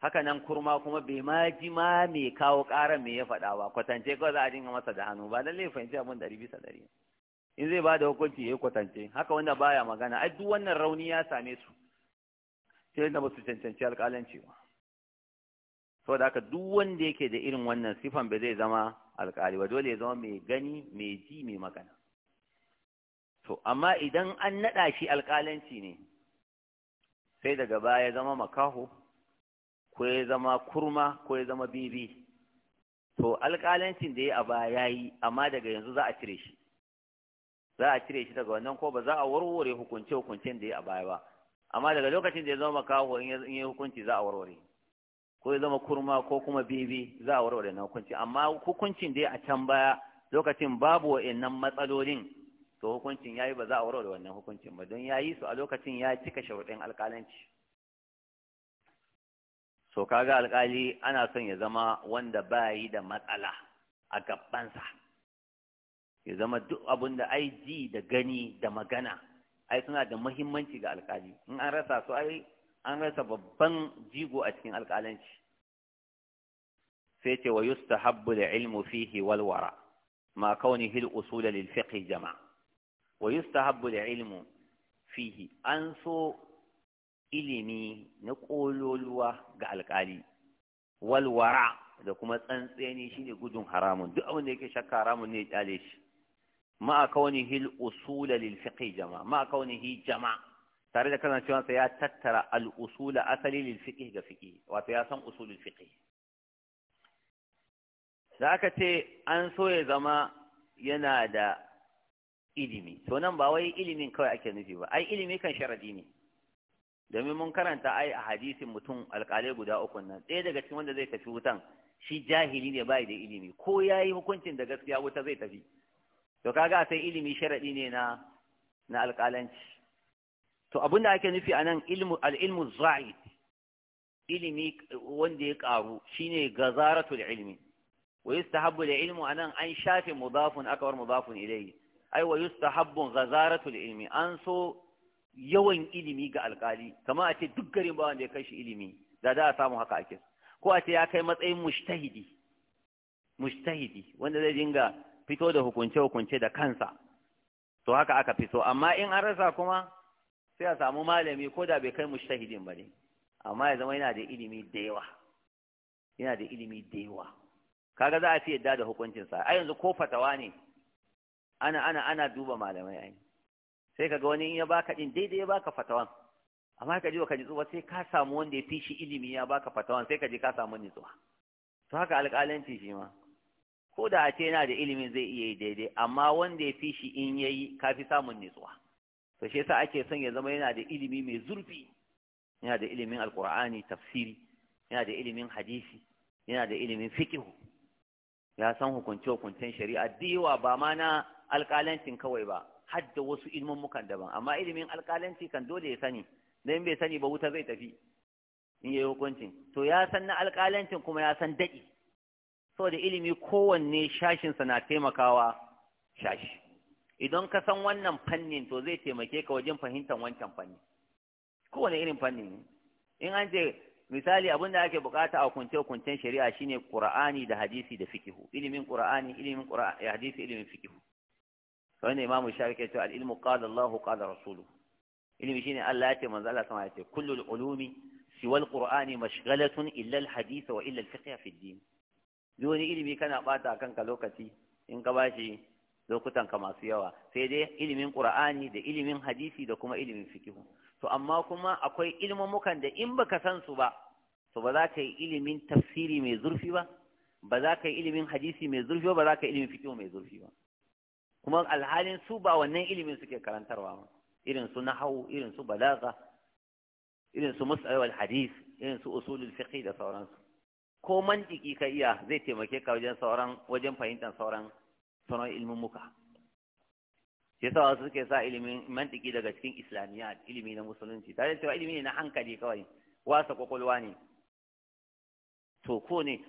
haka nan kurma kuma bai ma ji ma mai kawo ƙara me ya faɗa ba kwatance kawai za a dinga masa da hannu ba lalle fahimci abin ɗari bisa ɗari in zai ba da hukunci ya yi kwatance haka wanda baya magana ai duk wannan rauni ya same su sai da ba su cancanci alƙalanci ba saboda haka duk wanda yake da irin wannan sifan ba zai zama alƙali ba dole ya zama mai gani mai ji mai magana to amma idan an naɗa shi alƙalanci ne sai daga baya ya zama makaho ko ya zama kurma ko ya zama bibi to alƙalancin da ya a baya ya yi amma daga yanzu za a cire shi za a cire shi daga wannan ko ba za a warware hukunce hukuncen da ya a baya ba amma daga lokacin da ya zama makaho in ya hukunci za a warware ko ya zama kurma ko kuma bibi za a warware na hukunci amma hukuncin da ya a can baya lokacin babu wa'annan matsalolin to hukuncin yayi ba za a warware wannan hukuncin ba don yayi su a lokacin ya cika sharuɗin alƙalanci so kaga alƙali ana son ya zama wanda ba yi da matsala a gabansa ya zama duk abin da ai ji da gani da magana ai suna da muhimmanci ga alƙali in an rasa su ai an rasa babban jigo a cikin alƙalanci sai ce wa yustahabbu da ilmu fihi walwara ma kaunihi al lil fiqh jama'a wa yustahabbu ilmu fihi an so ilimi na ƙololuwa ga alkali walwara da kuma tsantseni shine gudun haramun duk abin da yake shakka haramun ne ya kyale shi ma'a kaunihi hil usula lil fiqh jama'a ma'a hi jama'a tare da kasancewa sa ya tattara al-usula asali lil fiqh ga fiqh wato ya san usulul fiqh da aka ce an so ya zama yana da ilimi to nan ba wai ilimin kawai ake nufi ba ai ilimi kan sharadi ne domin mun karanta ai a hadisin mutum alƙalai guda uku nan ɗaya daga cikin wanda zai tafi wutan shi jahili ne bai da ilimi ko ya yi hukuncin da gaskiya wuta zai tafi to kaga sai ilimi sharadi ne na na alƙalanci to abin da ake nufi anan ilmu al-ilmu za'id ilimi wanda ya karu shine gazaratul ilmi wa yastahabbu al-ilmu anan an shafe mudafun akwar mudafun ilayhi ai wa yustahabbu ghazaratul ilmi an so yawan ilimi ga alkali kamar a ce duk garin ba wanda ya kai shi ilimi da za a samu haka ake ko a ce ya kai matsayin mushtahidi mushtahidi wanda zai dinga fito da hukunce hukunce da kansa to haka aka fito amma in an rasa kuma sai a samu malami ko da bai kai mushtahidin ba ne amma ya zama yana da ilimi da yawa yana da ilimi da yawa kaga za a fi yadda da hukuncinsa a yanzu ko fatawa ne ana ana ana duba malamai ai sai kaga wani in ya baka din daidai ya baka fatawan amma ka ji ka ji tsuba sai ka samu wanda ya fi shi ilimi ya baka fatawan sai ka ji ka samu tsuba to haka alƙalanci shi ma ko da a ce yana da ilimi zai iya yi daidai amma wanda ya fi shi in yayi ka fi samun tsuba to shi yasa ake son ya zama yana da ilimi mai zurfi yana da ilimin alqur'ani tafsiri yana da ilimin hadisi yana da ilimin fiqh ya san hukunce hukuncen shari'a diwa ba ma na alƙalancin kawai ba har da wasu ilmummukan daban amma ilimin alƙalanci kan dole ya sani dan bai sani ba wuta zai tafi in yi hukuncin to ya san na alƙalancin kuma ya san daɗi saboda ilimi kowanne shashinsa na taimakawa shashi idan ka san wannan fannin to zai taimake ka wajen fahimtar wancan fanni kowane irin fanni ne in an ce misali abin da ake bukata a kunce kuncen shari'a shine qur'ani da hadisi da fikihu ilimin qur'ani ilimin hadisi ilimin fikihu wani imam shafi ya ce al-ilmu qala Allah qala rasulu ilimi shine Allah ya ce manzo Allah sama ya ce kullul ulumi siwal qur'ani mashghalatun illa al wa illa al-fiqh fi ad-din ilimi kana bata kanka lokaci in ka bashi lokutan ka masu yawa sai dai ilimin qur'ani da ilimin hadisi da kuma ilimin fiqh to amma kuma akwai ilmumukan da in baka san su ba to ba za ka yi ilimin tafsiri mai zurfi ba ba za ka yi ilimin hadisi mai zurfi ba ba za ka yi ilimin fiqh mai zurfi ba kuma alhalin su ba wannan ilimin suke karantarwa ba irin su nahwu irin su balaga irin su mus'al wal hadith irin su usulul fiqh da sauransu ko mantiki ka iya zai taimake ka wajen sauran wajen fahimtar sauran sauran ilmin muka shi sa wasu suke sa ilimin mantiki daga cikin islamiyya ilimi na musulunci tare da cewa ilimi ne na hankali kawai wasa kwakwalwa ne to ko ne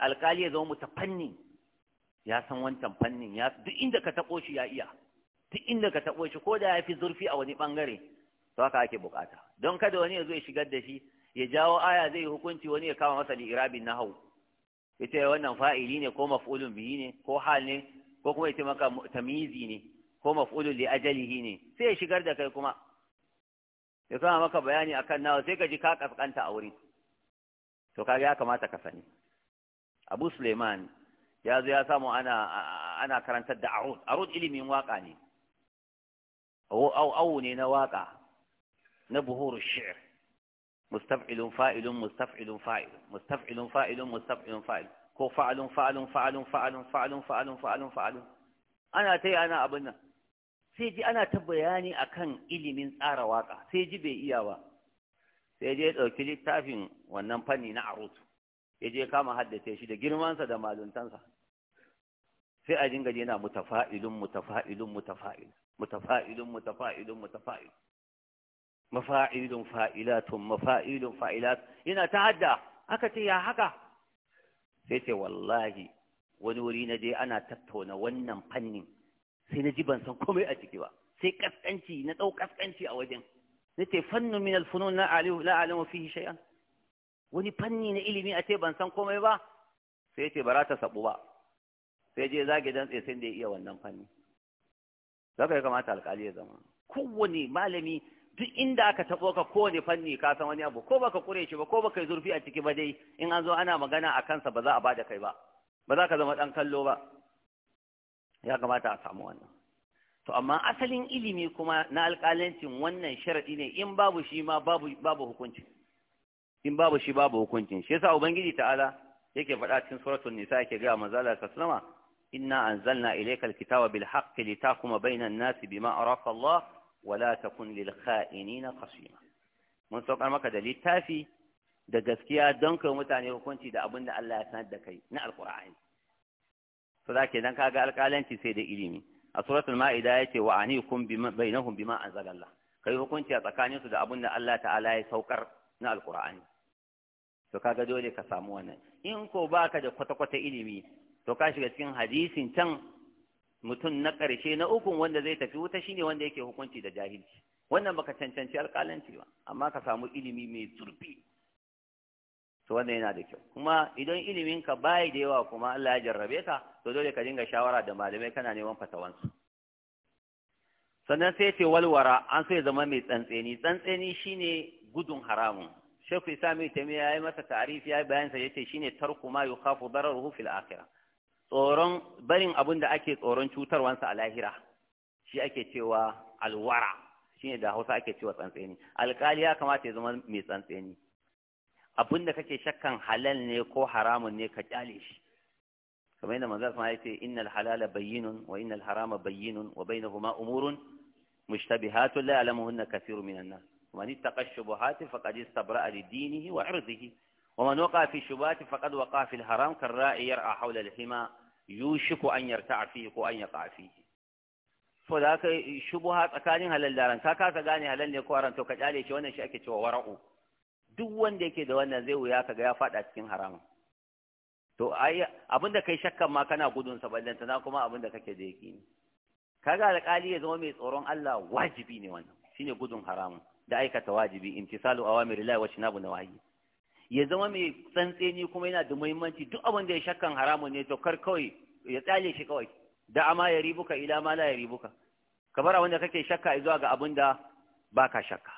alkali ya zama mutafanni ya san wancan fannin ya duk inda ka taɓo shi ya iya duk inda ka taɓo shi ko da ya fi zurfi a wani ɓangare to haka ake bukata don kada wani ya zo ya shigar da shi ya jawo aya zai yi hukunci wani ya kama masa irabin na hau ya ce wannan fa'ili ne ko maf'ulun bihi ne ko hal ne ko kuma ya ce maka tamizi ne ko maf'ulun li ajalihi ne sai ya shigar da kai kuma ya kama maka bayani akan nawa sai ka ji ka kaskanta a wurin to kaga ya kamata ka sani abu suleiman ya zo ya samu ana ana karantar da arud arud ilimin waka ne Awu ne na waka na buhuru shi'r mustaf'ilun fa'ilun mustaf'ilun fa'ilun mustaf'ilun fa'ilun mustaf'ilun fa'il ko fa'alun fa'alun fa'alun fa'alun fa'alun fa'alun fa'alun fa'alun ana ta yi ana abin nan sai ji ana ta bayani akan ilimin tsara waka sai ji bai iya ba sai je ɗauki littafin wannan fanni na arut ya je kama haddace shi da girmansa da maluntansa sai a dinga yana mutafa'ilun mutafa'ilun mutafa'il mutafa'ilun mutafa'ilun mutafa'il mafa'ilun fa'ilatun mafa'ilun fa'ilat yana ta hadda aka ce ya haka sai ce wallahi wani wuri na je ana tattauna wannan fannin sai na ji ban san komai a ciki ba sai kaskanci na dau kaskanci a wajen na ce fannin min alfunun na alamu fi shay'an wani fanni na ilimi a ce ban san komai ba sai ce ba za ta sabu ba sai je zage tsaye sai da ya iya wannan fanni zaka ya kamata alƙali ya zama kowane malami duk inda aka tabo ka kowane fanni ka san wani abu ko baka kure shi ba ko baka yi zurfi a ciki ba dai in an zo ana magana a kansa ba za a bada kai ba ba za ka zama dan kallo ba ya kamata a samu wannan to amma asalin ilimi kuma na alƙalancin wannan sharadi ne in babu shi ma babu babu hukunci in babu shi babu hukuncin shi yasa ubangiji ta'ala yake faɗa cikin suratul nisa yake ga manzo Allah wasallam إنا أنزلنا إليك الكتاب بالحق لتحكم بين الناس بما أراك الله ولا تكن للخائنين خصيما mun saukar maka da littafi da gaskiya don kai mutane hukunci da abin da Allah ya sanar da kai na alkur'ani to da ke dan kaga alƙalanci sai da ilimi a suratul ma'ida yace wa anikum bainahum bima anzalallah kai hukunci a tsakanin su da abin Allah ta'ala saukar na alkur'ani to kaga dole ka samu wannan in ko baka da kwata-kwata ilimi to ka shiga cikin hadisin can mutum na ƙarshe na ukun wanda zai tafi wuta shine wanda yake hukunci da jahilci wannan baka cancanci alƙalanci ba amma ka samu ilimi mai zurfi to wannan yana da kyau kuma idan ilimin ka bai da yawa kuma Allah ya jarrabe ka to dole ka dinga shawara da malamai kana neman su sannan sai ce walwara an sai zama mai tsantseni tsantseni shine gudun haramun Isa mai tamiya ya yi masa ta'arifi ya yi bayansa ya ce shine tarku ma yukhafu dararuhu fil akhirah tsoron barin abin da ake tsoron cutarwansa a lahira shi ake cewa alwara shi ne da hausa ake cewa tsantseni alkali ya kamata ya zama mai tsantseni abin da kake shakkan halal ne ko haramun ne ka kyale shi kamar yadda manzo sama ya ce innal halala bayyinun wa innal harama bayyinun wa bainahuma umurun mushtabihatun la ya'lamuhunna kathirun minan nas man ittaqa shubuhati faqad istabra'a li dinihi wa irdihi ومن وقع في الشبهات فقد وقع في الحرام كالراعي يرعى حول الحمى يوشك أن يرتع فيه وأن يقع فيه so da haka shubuha tsakanin halal da ran ka kasa gane halal ne ko haram ka kyale shi wannan shi ake cewa wara'u duk wanda yake da wannan zai wuya kaga ya fada cikin haramun to ai abinda kai shakkan ma kana gudun sa ballanta na kuma abinda kake da yake ne kaga alƙali ya zama mai tsoron Allah wajibi ne wannan shine gudun haramun da aikata wajibi imtisalu awamirillahi wa shinabu nawahi ya zama mai tsantseni kuma yana da muhimmanci duk abin da ya shakkan haramun ne to kar kawai ya tsale shi kawai da ama ya ribuka ila ma la ya ribuka ka bar abin da kake shakka zuwa ga abin da baka shakka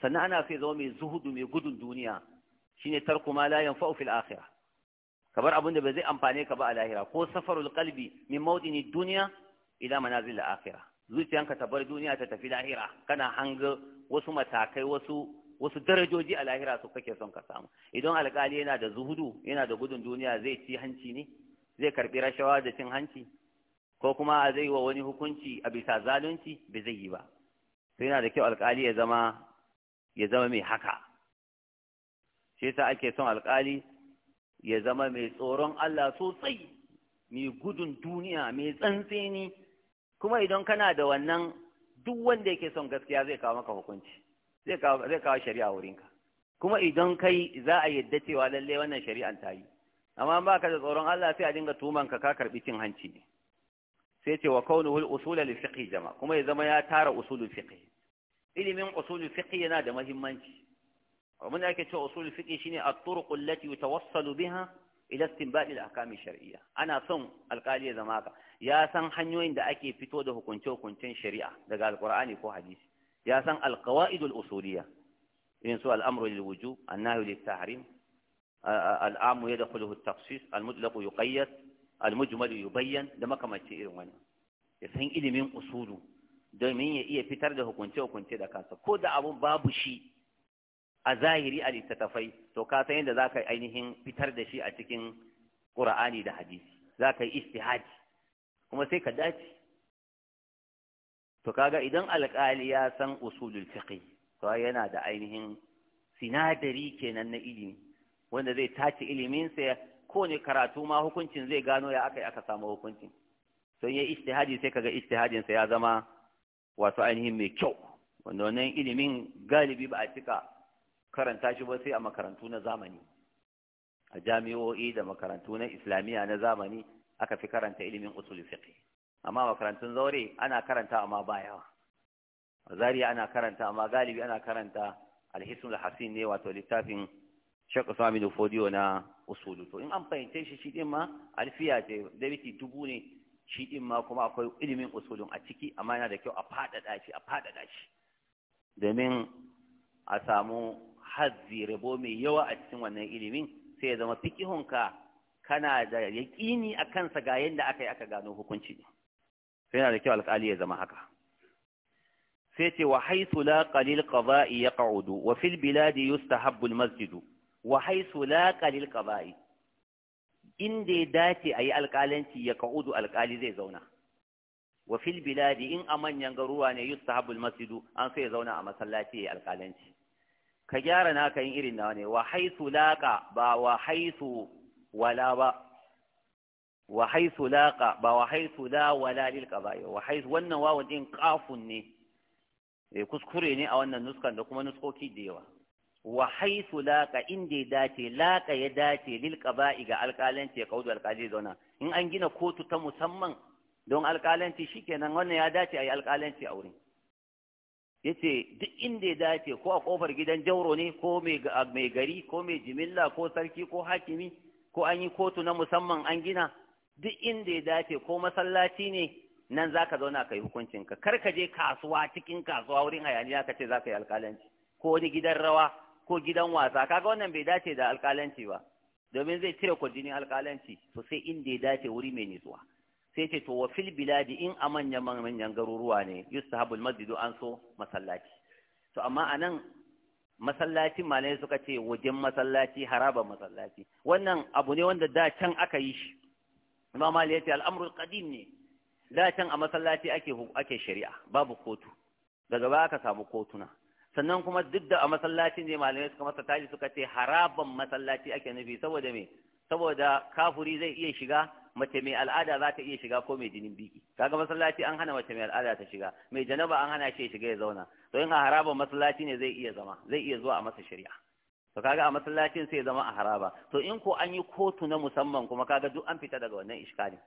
sannan ana so ya zama mai zuhudu mai gudun duniya shine tarku ma la yanfa'u fil akhirah ka bar abin da ba zai amfane ka ba a lahira ko safarul qalbi min mawdini dunya ila manazil al akhirah zuciyanka ta bar duniya ta tafi lahira kana hanga wasu matakai wasu wasu darajoji a lahira su kake son ka samu idan alkali yana da zuhudu yana da gudun duniya zai ci hanci ne zai karbi rashawa da cin hanci ko kuma zai yi wa wani hukunci a bisa zalunci bai zai yi ba sai yana da kyau alkali ya zama ya zama mai haka shi yasa ake son alkali ya zama mai tsoron Allah sosai mai gudun duniya mai tsantseni kuma idan kana da wannan duk wanda yake son gaskiya zai kawo maka hukunci zai kawo shari'a wurin ka kuma idan kai za a yadda cewa lallai wannan shari'an ta yi amma ba ka da tsoron Allah sai a dinga tuman ka ka karbi cin hanci sai ce wa kaunu hul usulul fiqh jama'a kuma ya zama ya tara usulul fiqh ilimin usulul fiqh yana da muhimmanci wannan yake cewa usulul fiqh shine at-turuq allati tawassalu, biha ila istinbat al-ahkam ash-shar'iyya ana son alƙali ya zama ka ya san hanyoyin da ake fito da hukunce hukuncen shari'a daga alqur'ani ko hadisi ya san alqawaidul usuliya irin su al'amru lil wujub annahyu lit tahrim al'amu yadkhuluhu at-takhsis al-mutlaq yuqayyad al-mujmal yubayyan da makamanci irin wani. ya san ilimin usulu domin ya iya fitar da hukunce-hukunce da kansa ko da abun babu shi a zahiri a littattafai to ka san yadda za ka ainihin fitar da shi a cikin ƙura'ani da hadisi Zaka yi istihadi kuma sai ka dace to kaga idan alƙali ya san usulul fiqh to yana da ainihin sinadari kenan na ilimi wanda zai tace ilimin sa ne karatu ma hukuncin zai gano ya aka aka samu hukuncin sai ya ijtihadi sai kaga ijtihadin sa ya zama wato ainihin mai kyau wanda wannan ilimin galibi ba a cika karanta shi ba sai a makarantu na zamani a jami'o'i da makarantu na islamiyya na zamani aka fi karanta ilimin usul fiqh amma makarantun zaure ana karanta amma bayawa zariya ana karanta amma galibi ana karanta alhisul hasin ne wato littafin shakka sami da fodiyo na usulu to in an fahimce shi shiɗin ma alfiya ce dabiti dubu ne shi ma kuma akwai ilimin usulun a ciki amma yana da kyau a faɗaɗa shi a faɗaɗa shi domin a samu hazzi rabo mai yawa a cikin wannan ilimin sai ya zama fikihunka kana da yaƙini a kansa ga yadda aka yi aka gano hukunci ne sai yana da kyau alƙali ya zama haka sai ce wa haisu la qalil qada'i yaq'udu wa fil biladi yustahabbu al masjidu wa haisu la qalil qada'i inda ya dace ayi alƙalanci ya qa'udu alƙali zai zauna wa fil biladi in a manyan garuwa ne yustahabbu al an sai ya zauna a masallaci ya alƙalanci ka gyara naka yin irin nawa ne wa haisu laqa ba wa haisu wala ba wa haythu laqa ba wa haythu la wala lil qaba'i wa wannan wawun din qafun ne eh kuskure ne a wannan nuskan da kuma nuskoki da yawa wa haythu laqa inda ya dace laqa ya dace lil qaba'i ga alƙalanci ya kaudu alƙali zauna in an gina kotu ta musamman don alƙalanci shikenan wannan ya dace ayi alƙalanci a wurin yace duk inda ya dace ko a kofar gidan jauro ne ko mai gari ko mai jimilla ko sarki ko hakimi ko an yi kotu na musamman an gina duk inda ya dace ko masallaci ne nan za ka zauna ka yi hukuncinka kar ka je kasuwa cikin kasuwa wurin hayaniya ka ce za ka yi alƙalanci ko wani gidan rawa ko gidan wasa kaga wannan bai dace da alkalanci ba domin zai cire kwarjinin alkalanci to sai inda ya dace wuri mai nutsuwa sai ce to wa fil biladi in a manyan manyan garuruwa ne yustahabul masjidu an so masallaci to amma nan masallaci malai suka ce wajen masallaci haraban masallaci wannan abu ne wanda da can aka yi shi imam mali ya ce al'amrul qadim ne da can a masallaci ake ake shari'a babu kotu daga baya aka samu kotuna sannan kuma duk da a masallacin ne malamai suka masa tashi suka ce haraban masallaci ake nufi saboda me saboda kafuri zai iya shiga mace mai al'ada za ta iya shiga ko mai jinin biki kaga masallaci an hana mace mai al'ada ta shiga mai janaba an hana shi shiga ya zauna to in a haraban masallaci ne zai iya zama zai iya zuwa a masa shari'a to kaga a masallacin sai zama a haraba to in ko an yi kotu na musamman kuma kaga duk an fita daga wannan iskali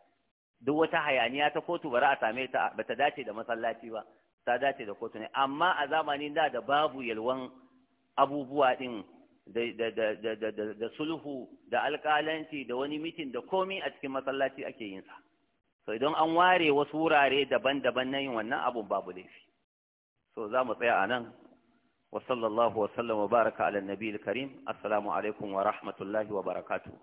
duk wata hayaniya ta kotu bara a same ta bata dace da masallaci ba ta dace da kotu ne amma a zamani da da babu yalwan abubuwa din da sulhu da alƙalanci da wani mitin da komi a cikin masallaci ake yin sa so idan an ware wasu wurare daban-daban na yin wannan abun babu laifi so za mu tsaya a nan wa sallallahu wa sallam wa baraka ala nabiyil karim assalamu alaikum wa rahmatullahi wa barakatu.